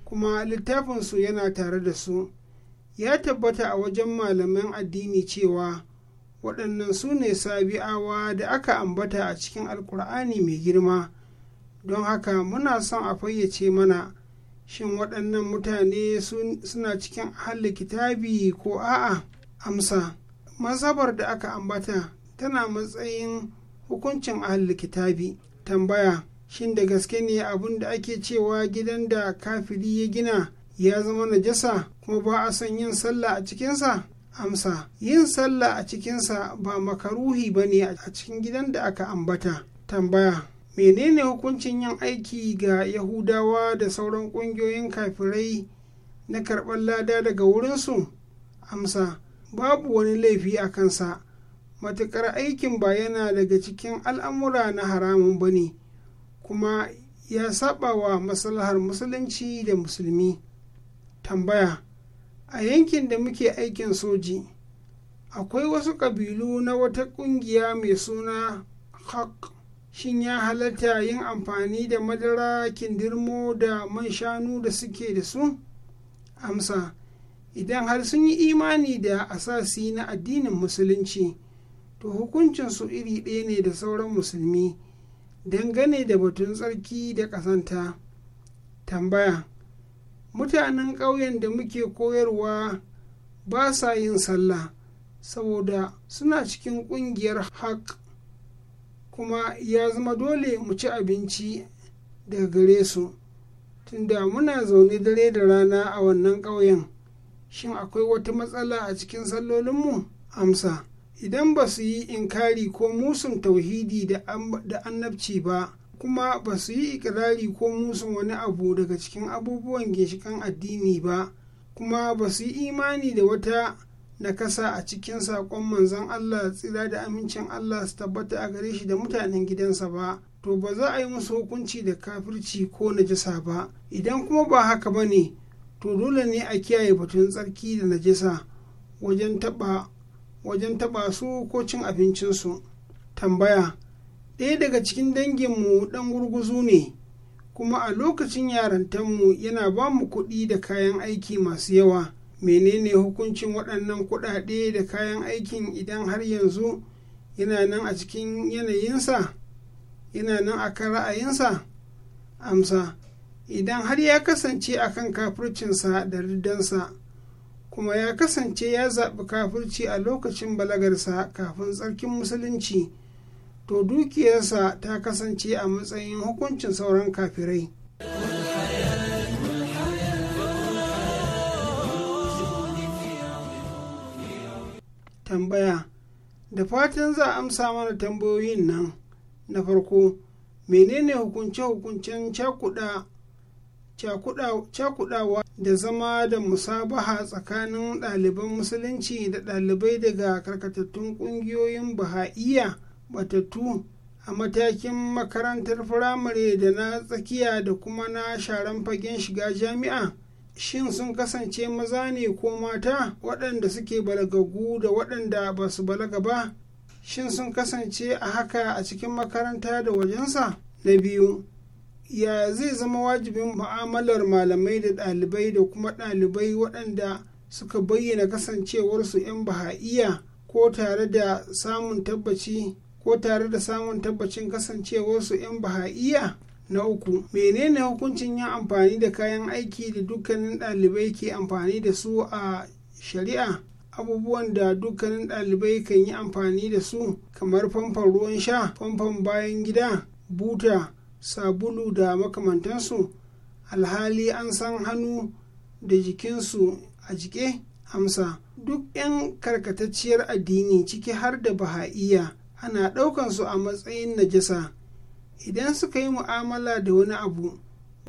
kuma littafinsu yana tare da su ya tabbata a wajen malaman addini cewa waɗannan su ne sabi'awa da aka ambata a cikin alkur'ani mai girma don haka muna son a fayyace mana shin waɗannan mutane suna cikin ahalli kitabi ko a'a amsa mazhabar da aka ambata tana matsayin hukuncin ahalli kitabi tambaya shin da gaske ne abin da ake cewa gidan da kafiri ya gina ya zama najasa kuma ba a son yin sallah a cikinsa amsa yin sallah a cikinsa ba makaruhi ba ne a cikin gidan da aka ambata tambaya menene hukuncin yin aiki ga yahudawa da sauran ƙungiyoyin kafirai na karɓar lada daga wurinsu amsa babu wani laifi a kansa matuƙar aikin ba yana daga cikin al'amura na haramun ba ne kuma ya saba wa masalahar musulunci da musulmi tambaya a yankin da muke aikin soji akwai wasu ƙabilu na wata ƙungiya mai suna haq shin ya halatta yin amfani da madara kindirmo da man shanu da suke da su amsa idan har sun yi imani da asasi na addinin musulunci to hukuncinsu iri ɗaya ne da sauran musulmi dangane da batun tsarki da ƙasanta tambaya mutanen ƙauyen da muke koyarwa ba sa yin sallah saboda suna cikin ƙungiyar haƙ kuma ya zama dole mu ci abinci daga gare su tunda muna zaune dare da rana a wannan ƙauyen shin akwai wata matsala a cikin sallolinmu amsa idan ba su yi inkari ko musun tauhidi da annabci ba kuma ba su yi ikirari ko musun wani abu daga cikin abubuwan ginshikan addini ba kuma ba su yi imani da wata na kasa a cikin saƙon manzon Allah tsira da amincin Allah su tabbata a gare shi da mutanen gidansa ba to ba za a yi musu hukunci da kafirci ko na'jisa ba idan kuma ba haka ba ne to dole ne a kiyaye batun tsarki da na'jisa, wajen taɓa wajen su ko cin abincinsu tambaya ɗaya daga cikin danginmu ɗan gurguzu ne kuma a lokacin yarantanmu yana ba mu kuɗi da kayan aiki masu yawa menene hukuncin waɗannan kuɗaɗe da kayan aikin idan har yanzu yana nan a cikin yanayinsa yana nan a kan ra'ayinsa amsa idan har ya kasance a kan kafircinsa da riddansa kuma ya kasance ya zaɓi kafirci a lokacin balagarsa kafin tsarkin musulunci to dukiyarsa ta kasance a matsayin hukuncin sauran kafirai. tambaya da fatan za a amsa mana tambayoyin nan na farko menene hukunce-hukuncen cakudawa da zama da musabaha tsakanin ɗaliban musulunci da ɗalibai daga karkatattun ƙungiyoyin baha'iya batattu a matakin makarantar firamare da na tsakiya da kuma na sharan fagen shiga jami'a shin sun kasance maza ne ko mata waɗanda suke balagagu da waɗanda ba su balaga ba shin sun kasance a haka a cikin makaranta da wajensa na biyu ya zai zama wajibin mu'amalar malamai da ɗalibai da kuma ɗalibai waɗanda suka bayyana kasancewarsu 'yan baha'iya ko tare da samun tabbaci ko tare da samun tabbacin kasancewarsu 'yan baha'iya na uku menene hukuncin yin amfani da kayan aiki da dukkanin ɗalibai ke amfani da su a shari'a abubuwan da dukkanin ɗalibai kan yi amfani da su kamar famfon ruwan sha famfon bayan gida buta sabulu da makamantansu alhali an san hannu da jikinsu a jike amsa duk 'yan karkatacciyar addini ciki har da baha'iya ana ɗaukansu a matsayin najasa idan suka yi mu'amala da wani abu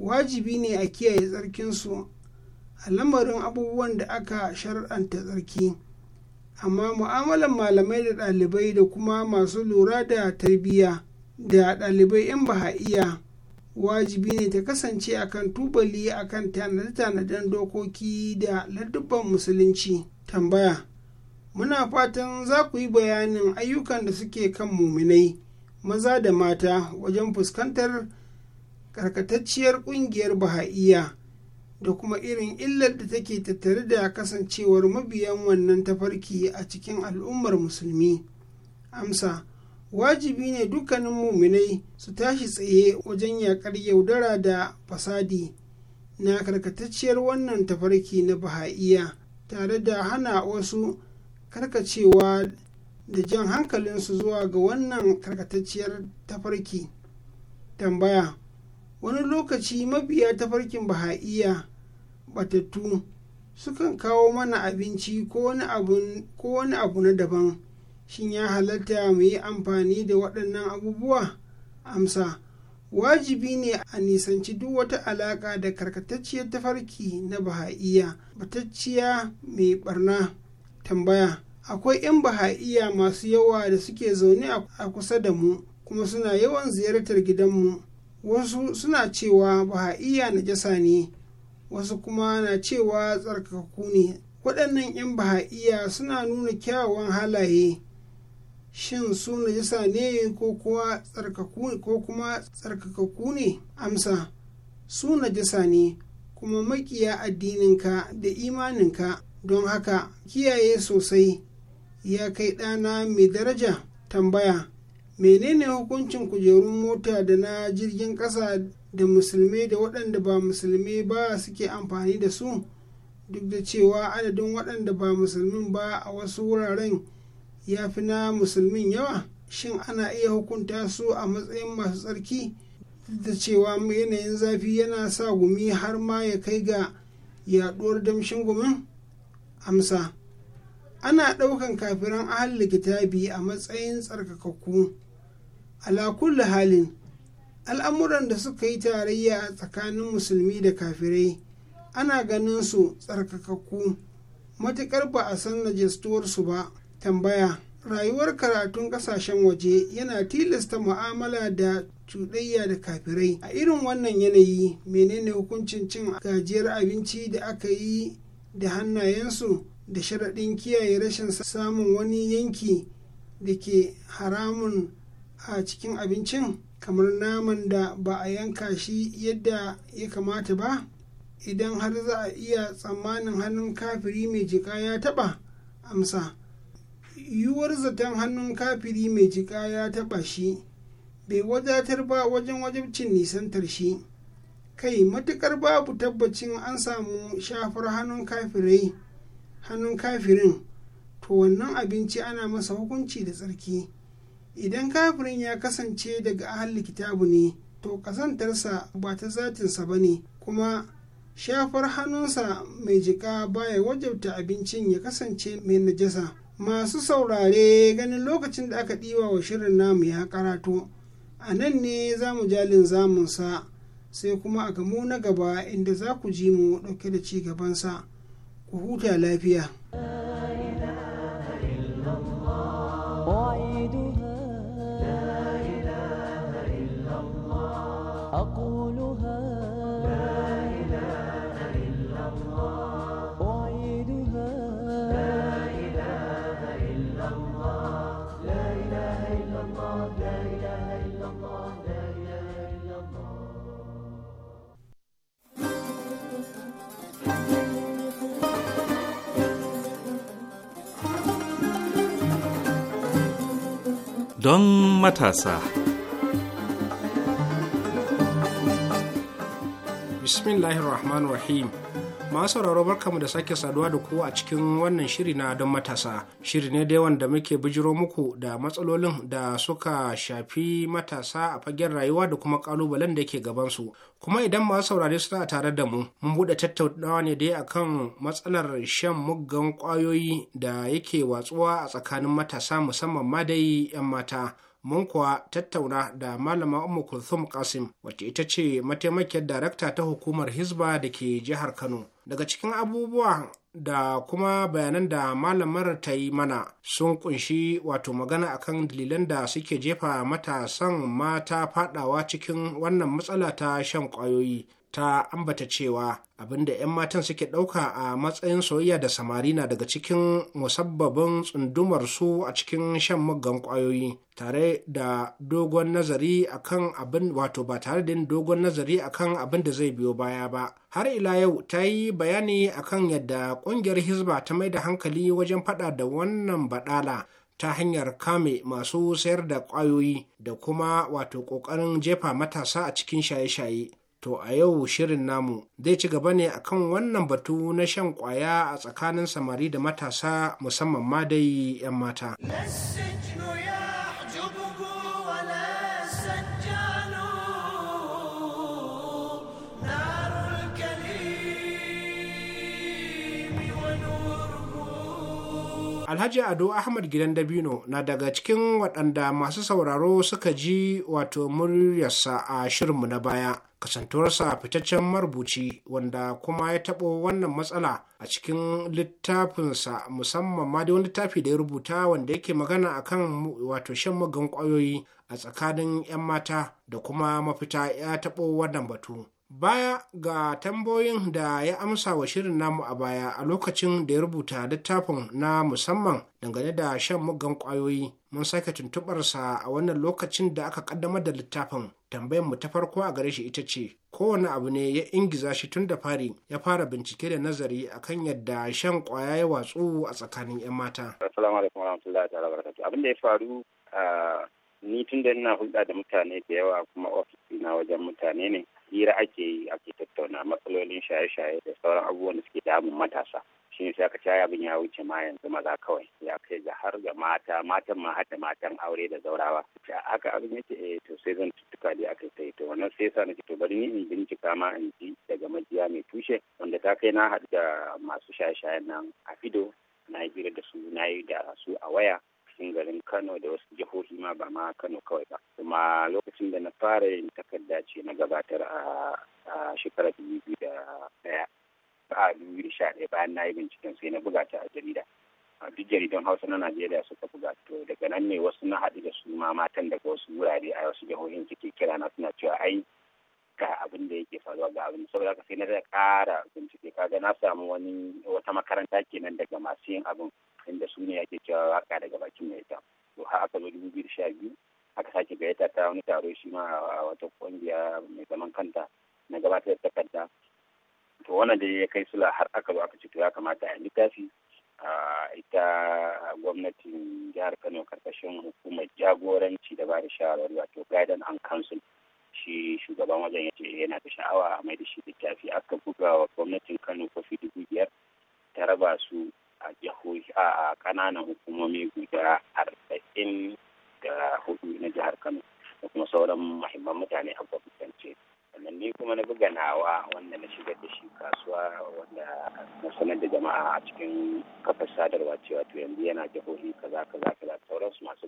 wajibi ne a kiyaye tsarkinsu a lamarin abubuwan da aka shar'anta tsarki amma mu'amalan malamai da ɗalibai da kuma masu lura da tarbiyya da ɗalibai 'yan baha'iya wajibi ne ta kasance akan tubali akan tanade-tanaden dokoki da ladubban musulunci tambaya muna fatan za ku yi bayanin ayyukan da suke kan muminai maza da mata wajen fuskantar karkatacciyar kungiyar baha'iya da kuma irin illar da take tattare da kasancewar mabiyan wannan tafarki a cikin al'ummar musulmi amsa wajibi ne dukkanin muminai su tashi tsaye wajen yakar yaudara da fasadi na karkatacciyar wannan tafarki na baha'iya tare da hana wasu karkacewa da jan hankalinsu zuwa ga wannan karkatacciyar tafarki tambaya wani lokaci mabiya tafarkin baha'iya batattu sukan kawo mana abinci ko wani abu na daban shin ya halatta mu yi amfani da waɗannan abubuwa amsa wajibi ne a nisanci duk wata alaƙa da karkatacciyar tafarki na baha'iya batacciya mai barna tambaya akwai 'yan baha'iya masu yawa da suke zaune a kusa da mu kuma suna yawan ziyartar gidanmu wasu suna cewa baha'iya najasa ne wasu kuma na cewa tsarkaku ne waɗannan 'yan baha'iya suna nuna kyawawan halaye shin su najasa ne ko kuma tsarkakaku ne amsa su najasa ne kuma makiya addininka da imaninka don haka kiyaye sosai ya kai ɗana mai daraja tambaya menene hukuncin kujerun mota da na jirgin ƙasa da musulmi da waɗanda ba musulmi ba suke amfani da su duk da cewa adadin waɗanda ba musulmin ba a wasu wuraren ya fi na musulmin yawa shin ana iya hukunta su a matsayin masu tsarki duk da cewa yanayin zafi yana sa gumi har ma ya kai ga yaɗuwar damshin gumin amsa ana ɗaukan kafiran ahal likitabi a matsayin tsarkakakku ala kulli halin al'amuran da suka yi tarayya tsakanin musulmi da kafirai ana ganin su tsarkakakku matuƙar ba a san su ba tambaya rayuwar karatun ƙasashen waje yana tilasta mu'amala da cuɗayya da kafirai a irin wannan yanayi menene hukuncin cin gajiyar abinci da aka yi da hannayensu da sharaɗin kiyaye rashin samun wani yanki da ke haramun a cikin abincin kamar naman da ba a yanka shi yadda ya kamata ba idan har za a iya tsammanin hannun kafiri mai jika ya taɓa amsa yiwuwar zaton hannun kafiri mai jika ya taɓa shi bai wadatar ba wajen wajibcin nisantar shi kai matukar babu tabbacin an samu shafar hannun kafirai hannun kafirin to wannan abinci ana masa hukunci da tsarki idan kafirin ya kasance daga ahal kitabu ne to kasantarsa ba ta zatinsa ba ne kuma shafar hannunsa mai jika baya wajabta abincin ya kasance mai najasa masu saurare ganin lokacin da aka ɗiwa wa shirin namu ya karatu. a nan ne za mu jalin zamunsa sai kuma a gamu na gaba inda za ku ji mu ɗauke da ci gabansa. ku huta lafiya. don matasa. Bismillahirrahmanirrahim. masu sauraro barkamu da sake saduwa da ku a cikin wannan shiri na don matasa shiri ne da wanda muke bijiro muku da matsalolin da suka shafi matasa a fagen rayuwa da kuma kalubalen da ke gabansu kuma idan masu saurare suna tare da mu mun buɗe tattaunawa ne dai akan matsalar shan muggan kwayoyi da yake watsuwa a tsakanin matasa musamman ma dai 'yan mata mun kuwa tattauna da malama umu Kulthum Kasim wacce ita ce mataimakiyar darakta ta hukumar hisba da ke jihar Kano. daga cikin abubuwa da kuma bayanan da malamar ta yi mana sun kunshi wato magana akan dalilan da suke jefa matasan mata fadawa cikin wannan matsala ta shan kwayoyi ta ambata cewa abinda 'yan matan suke ɗauka a matsayin soyayya da samari na daga cikin musabbabin tsundumar su a cikin shan muggan kwayoyi, tare da dogon nazari akan abin wato ba tare da dogon nazari akan abin da zai biyo baya ba har ila yau ta yi bayani akan yadda ƙungiyar hizba ta mai da hankali wajen faɗa da wannan baɗala ta hanyar kame masu sayar da ƙwayoyi da kuma wato ƙoƙarin jefa matasa a cikin shaye-shaye To a yau shirin namu zai ci gaba ne akan wannan batu na shan kwaya a tsakanin samari da matasa musamman ma dai 'yan mata. alhaji ado ahmad gidan dabino na daga cikin waɗanda masu sauraro suka ji wato muryarsa a shirinmu na baya kasantuwarsa fitaccen marubuci wanda kuma ya taɓo wannan matsala a cikin littafinsa musamman ma da wani littafi da ya rubuta wanda yake magana akan wato shan magan ƙwayoyi a tsakanin 'yan mata da kuma mafita ya taɓo wannan batu baya ga tambayoyin da ya amsa wa shirin namu a baya a lokacin da ya rubuta littafin na musamman dangane da shan muggan kwayoyi mun sake tuntubarsa a wannan lokacin da aka kaddamar da littafin tambayar mu ta farko a gare shi ita ce kowane abu ne ya ingiza shi tun da fari ya fara bincike da nazari a kan yadda shan kwaya ya watsu a tsakanin 'yan mata. ya faru ah, ni tun da ina hulɗa da mutane da yawa kuma ofis na wajen mutane ne hira ake yi ake tattauna matsalolin shaye-shaye da sauran abubuwan da suke damun matasa shi ne sai aka ci abin ya wuce ma yanzu maza kawai ya kai ga har ga mata matan ma hada matan aure da zaurawa haka abin yake eh to sai zan tuttuka da aka sai to wannan sai sa nake to bari ni in bincika ma in ji daga majiya mai tushe wanda ta kai na haɗu da masu shaye-shayen nan a fido na hira da su na yi da su a waya cikin garin Kano da wasu jihohi ma ba ma Kano kawai ba. Kuma lokacin da na fara yin takarda ce na gabatar a shekarar dubu biyu da ɗaya. A dubu da sha ɗaya bayan na yi binciken sai na buga ta a jarida. a duk jaridan hausa na najeriya suka buga to daga nan ne wasu na haɗu da su ma matan daga wasu wurare a wasu jihohin suke kira na suna cewa ai ga abin da yake faruwa ga abin saboda haka sai na da ƙara bincike kaga na samu wani wata makaranta kenan daga masu yin abin da su ne ake cewa waka daga bakin mai ta to har aka zo dubu biyu da sha biyu aka sake gayyata ta wani taro shi ma a wata kungiya mai zaman kanta na gabatar da takarda to wannan da ya kai sula har aka zo aka ce to ya kamata a a ita gwamnatin jihar kano karkashin hukumar jagoranci da ba da shawarwari wato guidance and council shi shugaban wajen ya ce yana da sha'awa a mai da shi littafi aka buga wa gwamnatin kano kofi dubu biyar ta raba su a kananan hukumomi guda arba'in da hudu na jihar kano da kuma sauran mahimman mutane a gwamnatance sannan ni kuma na buga nawa wanda na shigar da shi kasuwa wanda na sanar da jama'a a cikin kafar sadarwa cewa to yanzu yana jihohi kaza kaza kaza sauransu masu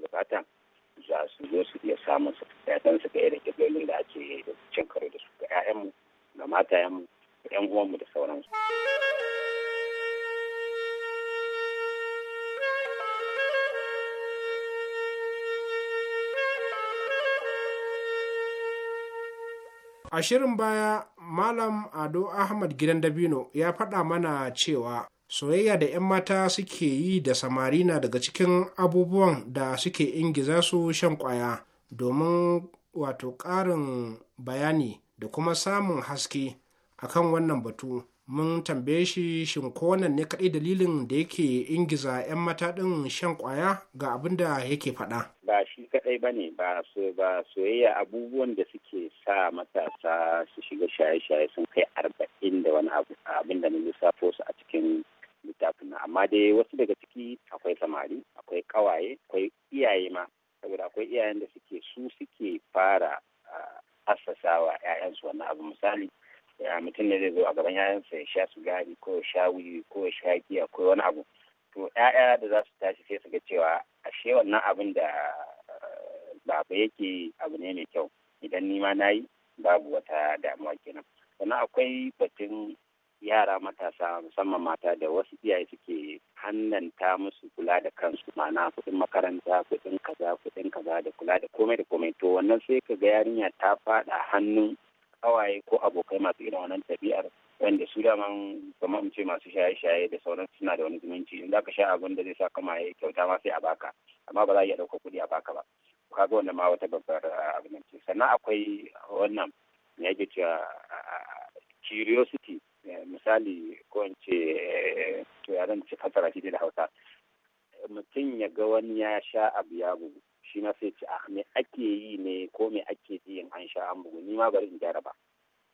a shirin baya malam ado ahmad gidan dabino ya faɗa mana cewa soyayya da 'yan mata suke yi da samari na daga cikin abubuwan da suke ingiza su shan kwaya domin wato ƙarin bayani da kuma samun haske akan wannan batu mun tambaye shi shin ko wannan ne kaɗai dalilin da yake ingiza 'yan mata ɗin shan kwaya ga abin da yake faɗa kadai ba ne ba soyayya abubuwan da suke sa matasa su shiga shaye-shaye sun kai arba'in da wani abin da na lissafo su a cikin littafin amma dai wasu daga ciki akwai samari akwai kawaye akwai iyaye ma saboda akwai iyayen da suke su suke fara ya'yan 'ya'yansu wannan abu misali mutum ne zai zo a gaban 'ya'yansa ya sha sigari ko ya sha wuyi ko ya sha giya ko wani abu to 'ya'ya da za su tashi sai su ga cewa ashe wannan abin da ba yake abu ne mai kyau idan nima na yi babu wata damuwa kenan sannan akwai batun yara matasa musamman mata da wasu iyaye suke hannanta musu kula da kansu mana kuɗin makaranta kuɗin kaza kuɗin kaza da kula da komai da komai to wannan sai ka ga yarinya ta faɗa hannun kawaye ko abokai masu irin wannan tabi'ar wanda su daman kamar ce masu shaye-shaye da sauran suna da wani zumunci in zaka sha abin da zai sa kama ya kyauta ma sai a baka amma ba za a iya ɗauka kuɗi a baka ba kaga wanda ma wata babbar ah, abin ce sannan akwai wannan me yake cewa ah, curiosity eh, misali ko in ce eh, to ya zan ci fasara shi da hausa mutum ya ga wani ya sha abu ya bugu shi ma sai ce ah, me ake yi ne ko me ake ji in an sha an bugu ni ma bari in gyara ba.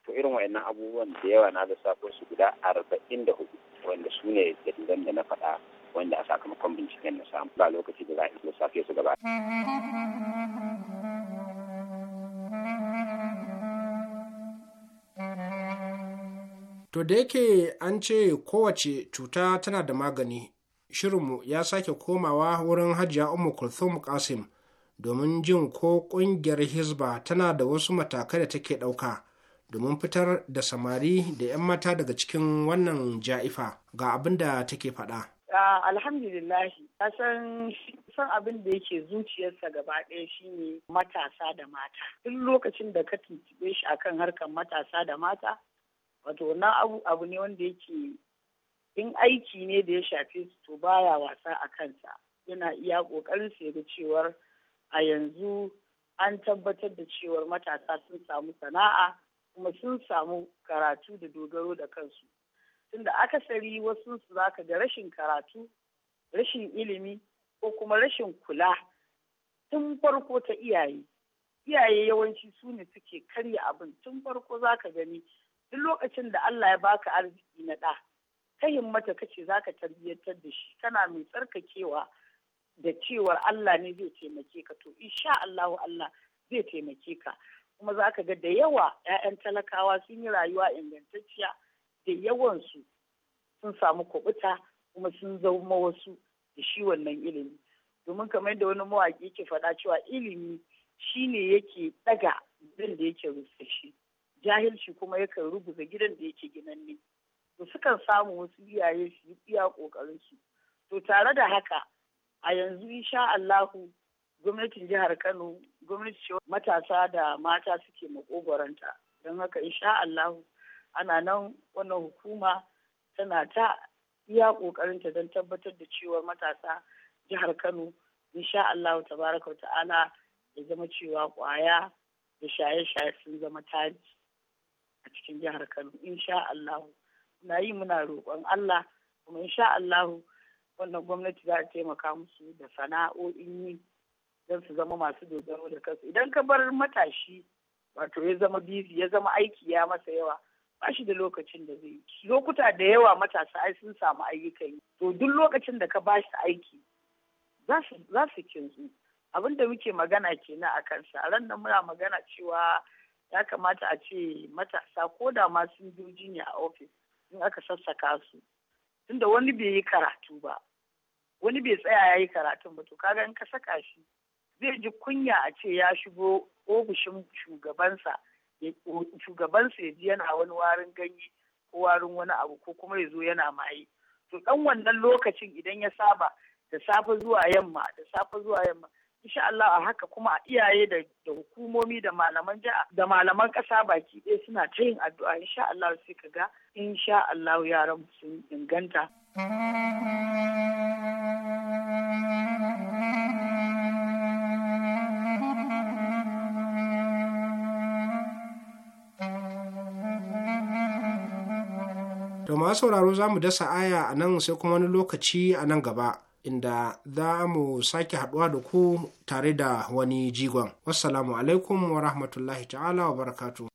to irin wayannan abubuwan da yawa na lissafo su guda arba'in da hudu wanda su ne dalilan da na faɗa wanda a sakamakon binciken na samu ba lokaci da za a lissafe su gaba. To da yake an ce kowace cuta tana da magani, shirinmu ya sake komawa wurin hajiya umu Kulthum kasim domin jin ko ƙungiyar Hisba tana da wasu matakai da take ɗauka domin fitar da samari da 'yan mata daga cikin wannan ja'ifa ga abin da take faɗa. alhamdulillahi kasan san abin da yake zuciyarsa gaba ɗaya shine matasa da mata duk lokacin da ka tuntube shi akan harkar matasa da mata wato wannan abu ne wanda yake in aiki ne da ya shafe su to baya wasa a kansa yana iya ƙoƙarin su yaga cewar a yanzu an tabbatar da cewar matasa sun samu sana'a kuma sun samu karatu da dogaro da kansu tunda akasari wasu su ka ga rashin karatu rashin ilimi ko kuma rashin kula tun farko ta iyaye iyaye yawanci su ne suke karya abin tun farko za ka gani duk lokacin da Allah ya baka arziki na ɗa ka himmata kace ka tarbiyyantar da shi kana mai tsarkakewa da cewar Allah ne zai taimake ka to insha Allah Allah zai taimake ka kuma za ka ga da yawa 'ya'yan talakawa sun yi rayuwa ingantacciya da yawansu sun samu kubuta kuma sun zama wasu da shi wannan ilimi domin kamar yadda wani mawaƙi yake faɗa cewa ilimi shine yake ɗaga gidan da yake shi jahilci kuma yakan rubuta gidan da yake ginanne to sukan samu wasu iyaye su yi iya ƙoƙarinsu to tare da haka a yanzu insha Allahu gwamnatin jihar Kano gwamnati ce matasa da mata suke maƙogwaranta, don haka insha Allah ana nan wannan hukuma tana ta iya kokarinta don tabbatar da cewa matasa jihar Kano insha Allah tabaraka ta'ala ya zama cewa kwaya da shaye-shaye sun zama taji a cikin jihar Kano insha Allah na yi muna roƙon Allah kuma insha Allah wannan gwamnati za ta taimaka musu da sana'o'in yi don su zama masu dogaro da kansu idan ka bar matashi wato ya zama bizi ya zama aiki ya masa yawa ba shi da lokacin da zai yi lokuta da yawa matasa ai sun samu ayyukan yi to duk lokacin da ka ba shi aiki za su kinsu abin da muke magana kenan a kansa a ran muna magana cewa ya kamata a ce matasa ko da ma sun joji jinya a ofis in aka sassaka su tunda wani bai yi karatu ba wani bai tsaya ya yi karatun ba to kaga in ka saka shi zai ji kunya a ce ya shigo ofishin shugabansa shugabansa ya ji yana wani warin ganye ko warin wani abu ko kuma ya zo yana maye to dan wannan lokacin idan ya saba da safe zuwa yamma da safe zuwa yamma insha Allah a haka kuma a iyaye da hukumomi da malaman ja'a da malaman kasa baki ɗaya suna ta yin addu'a insha Allah sai ka ga insha Allah yaran sun inganta ma sauraro za mu dasa aya a nan sai kuma wani lokaci a nan gaba inda za mu sake haɗuwa da ku tare da wani jigon. Wassalamu alaikum wa rahmatullahi ta'ala wa barakatu.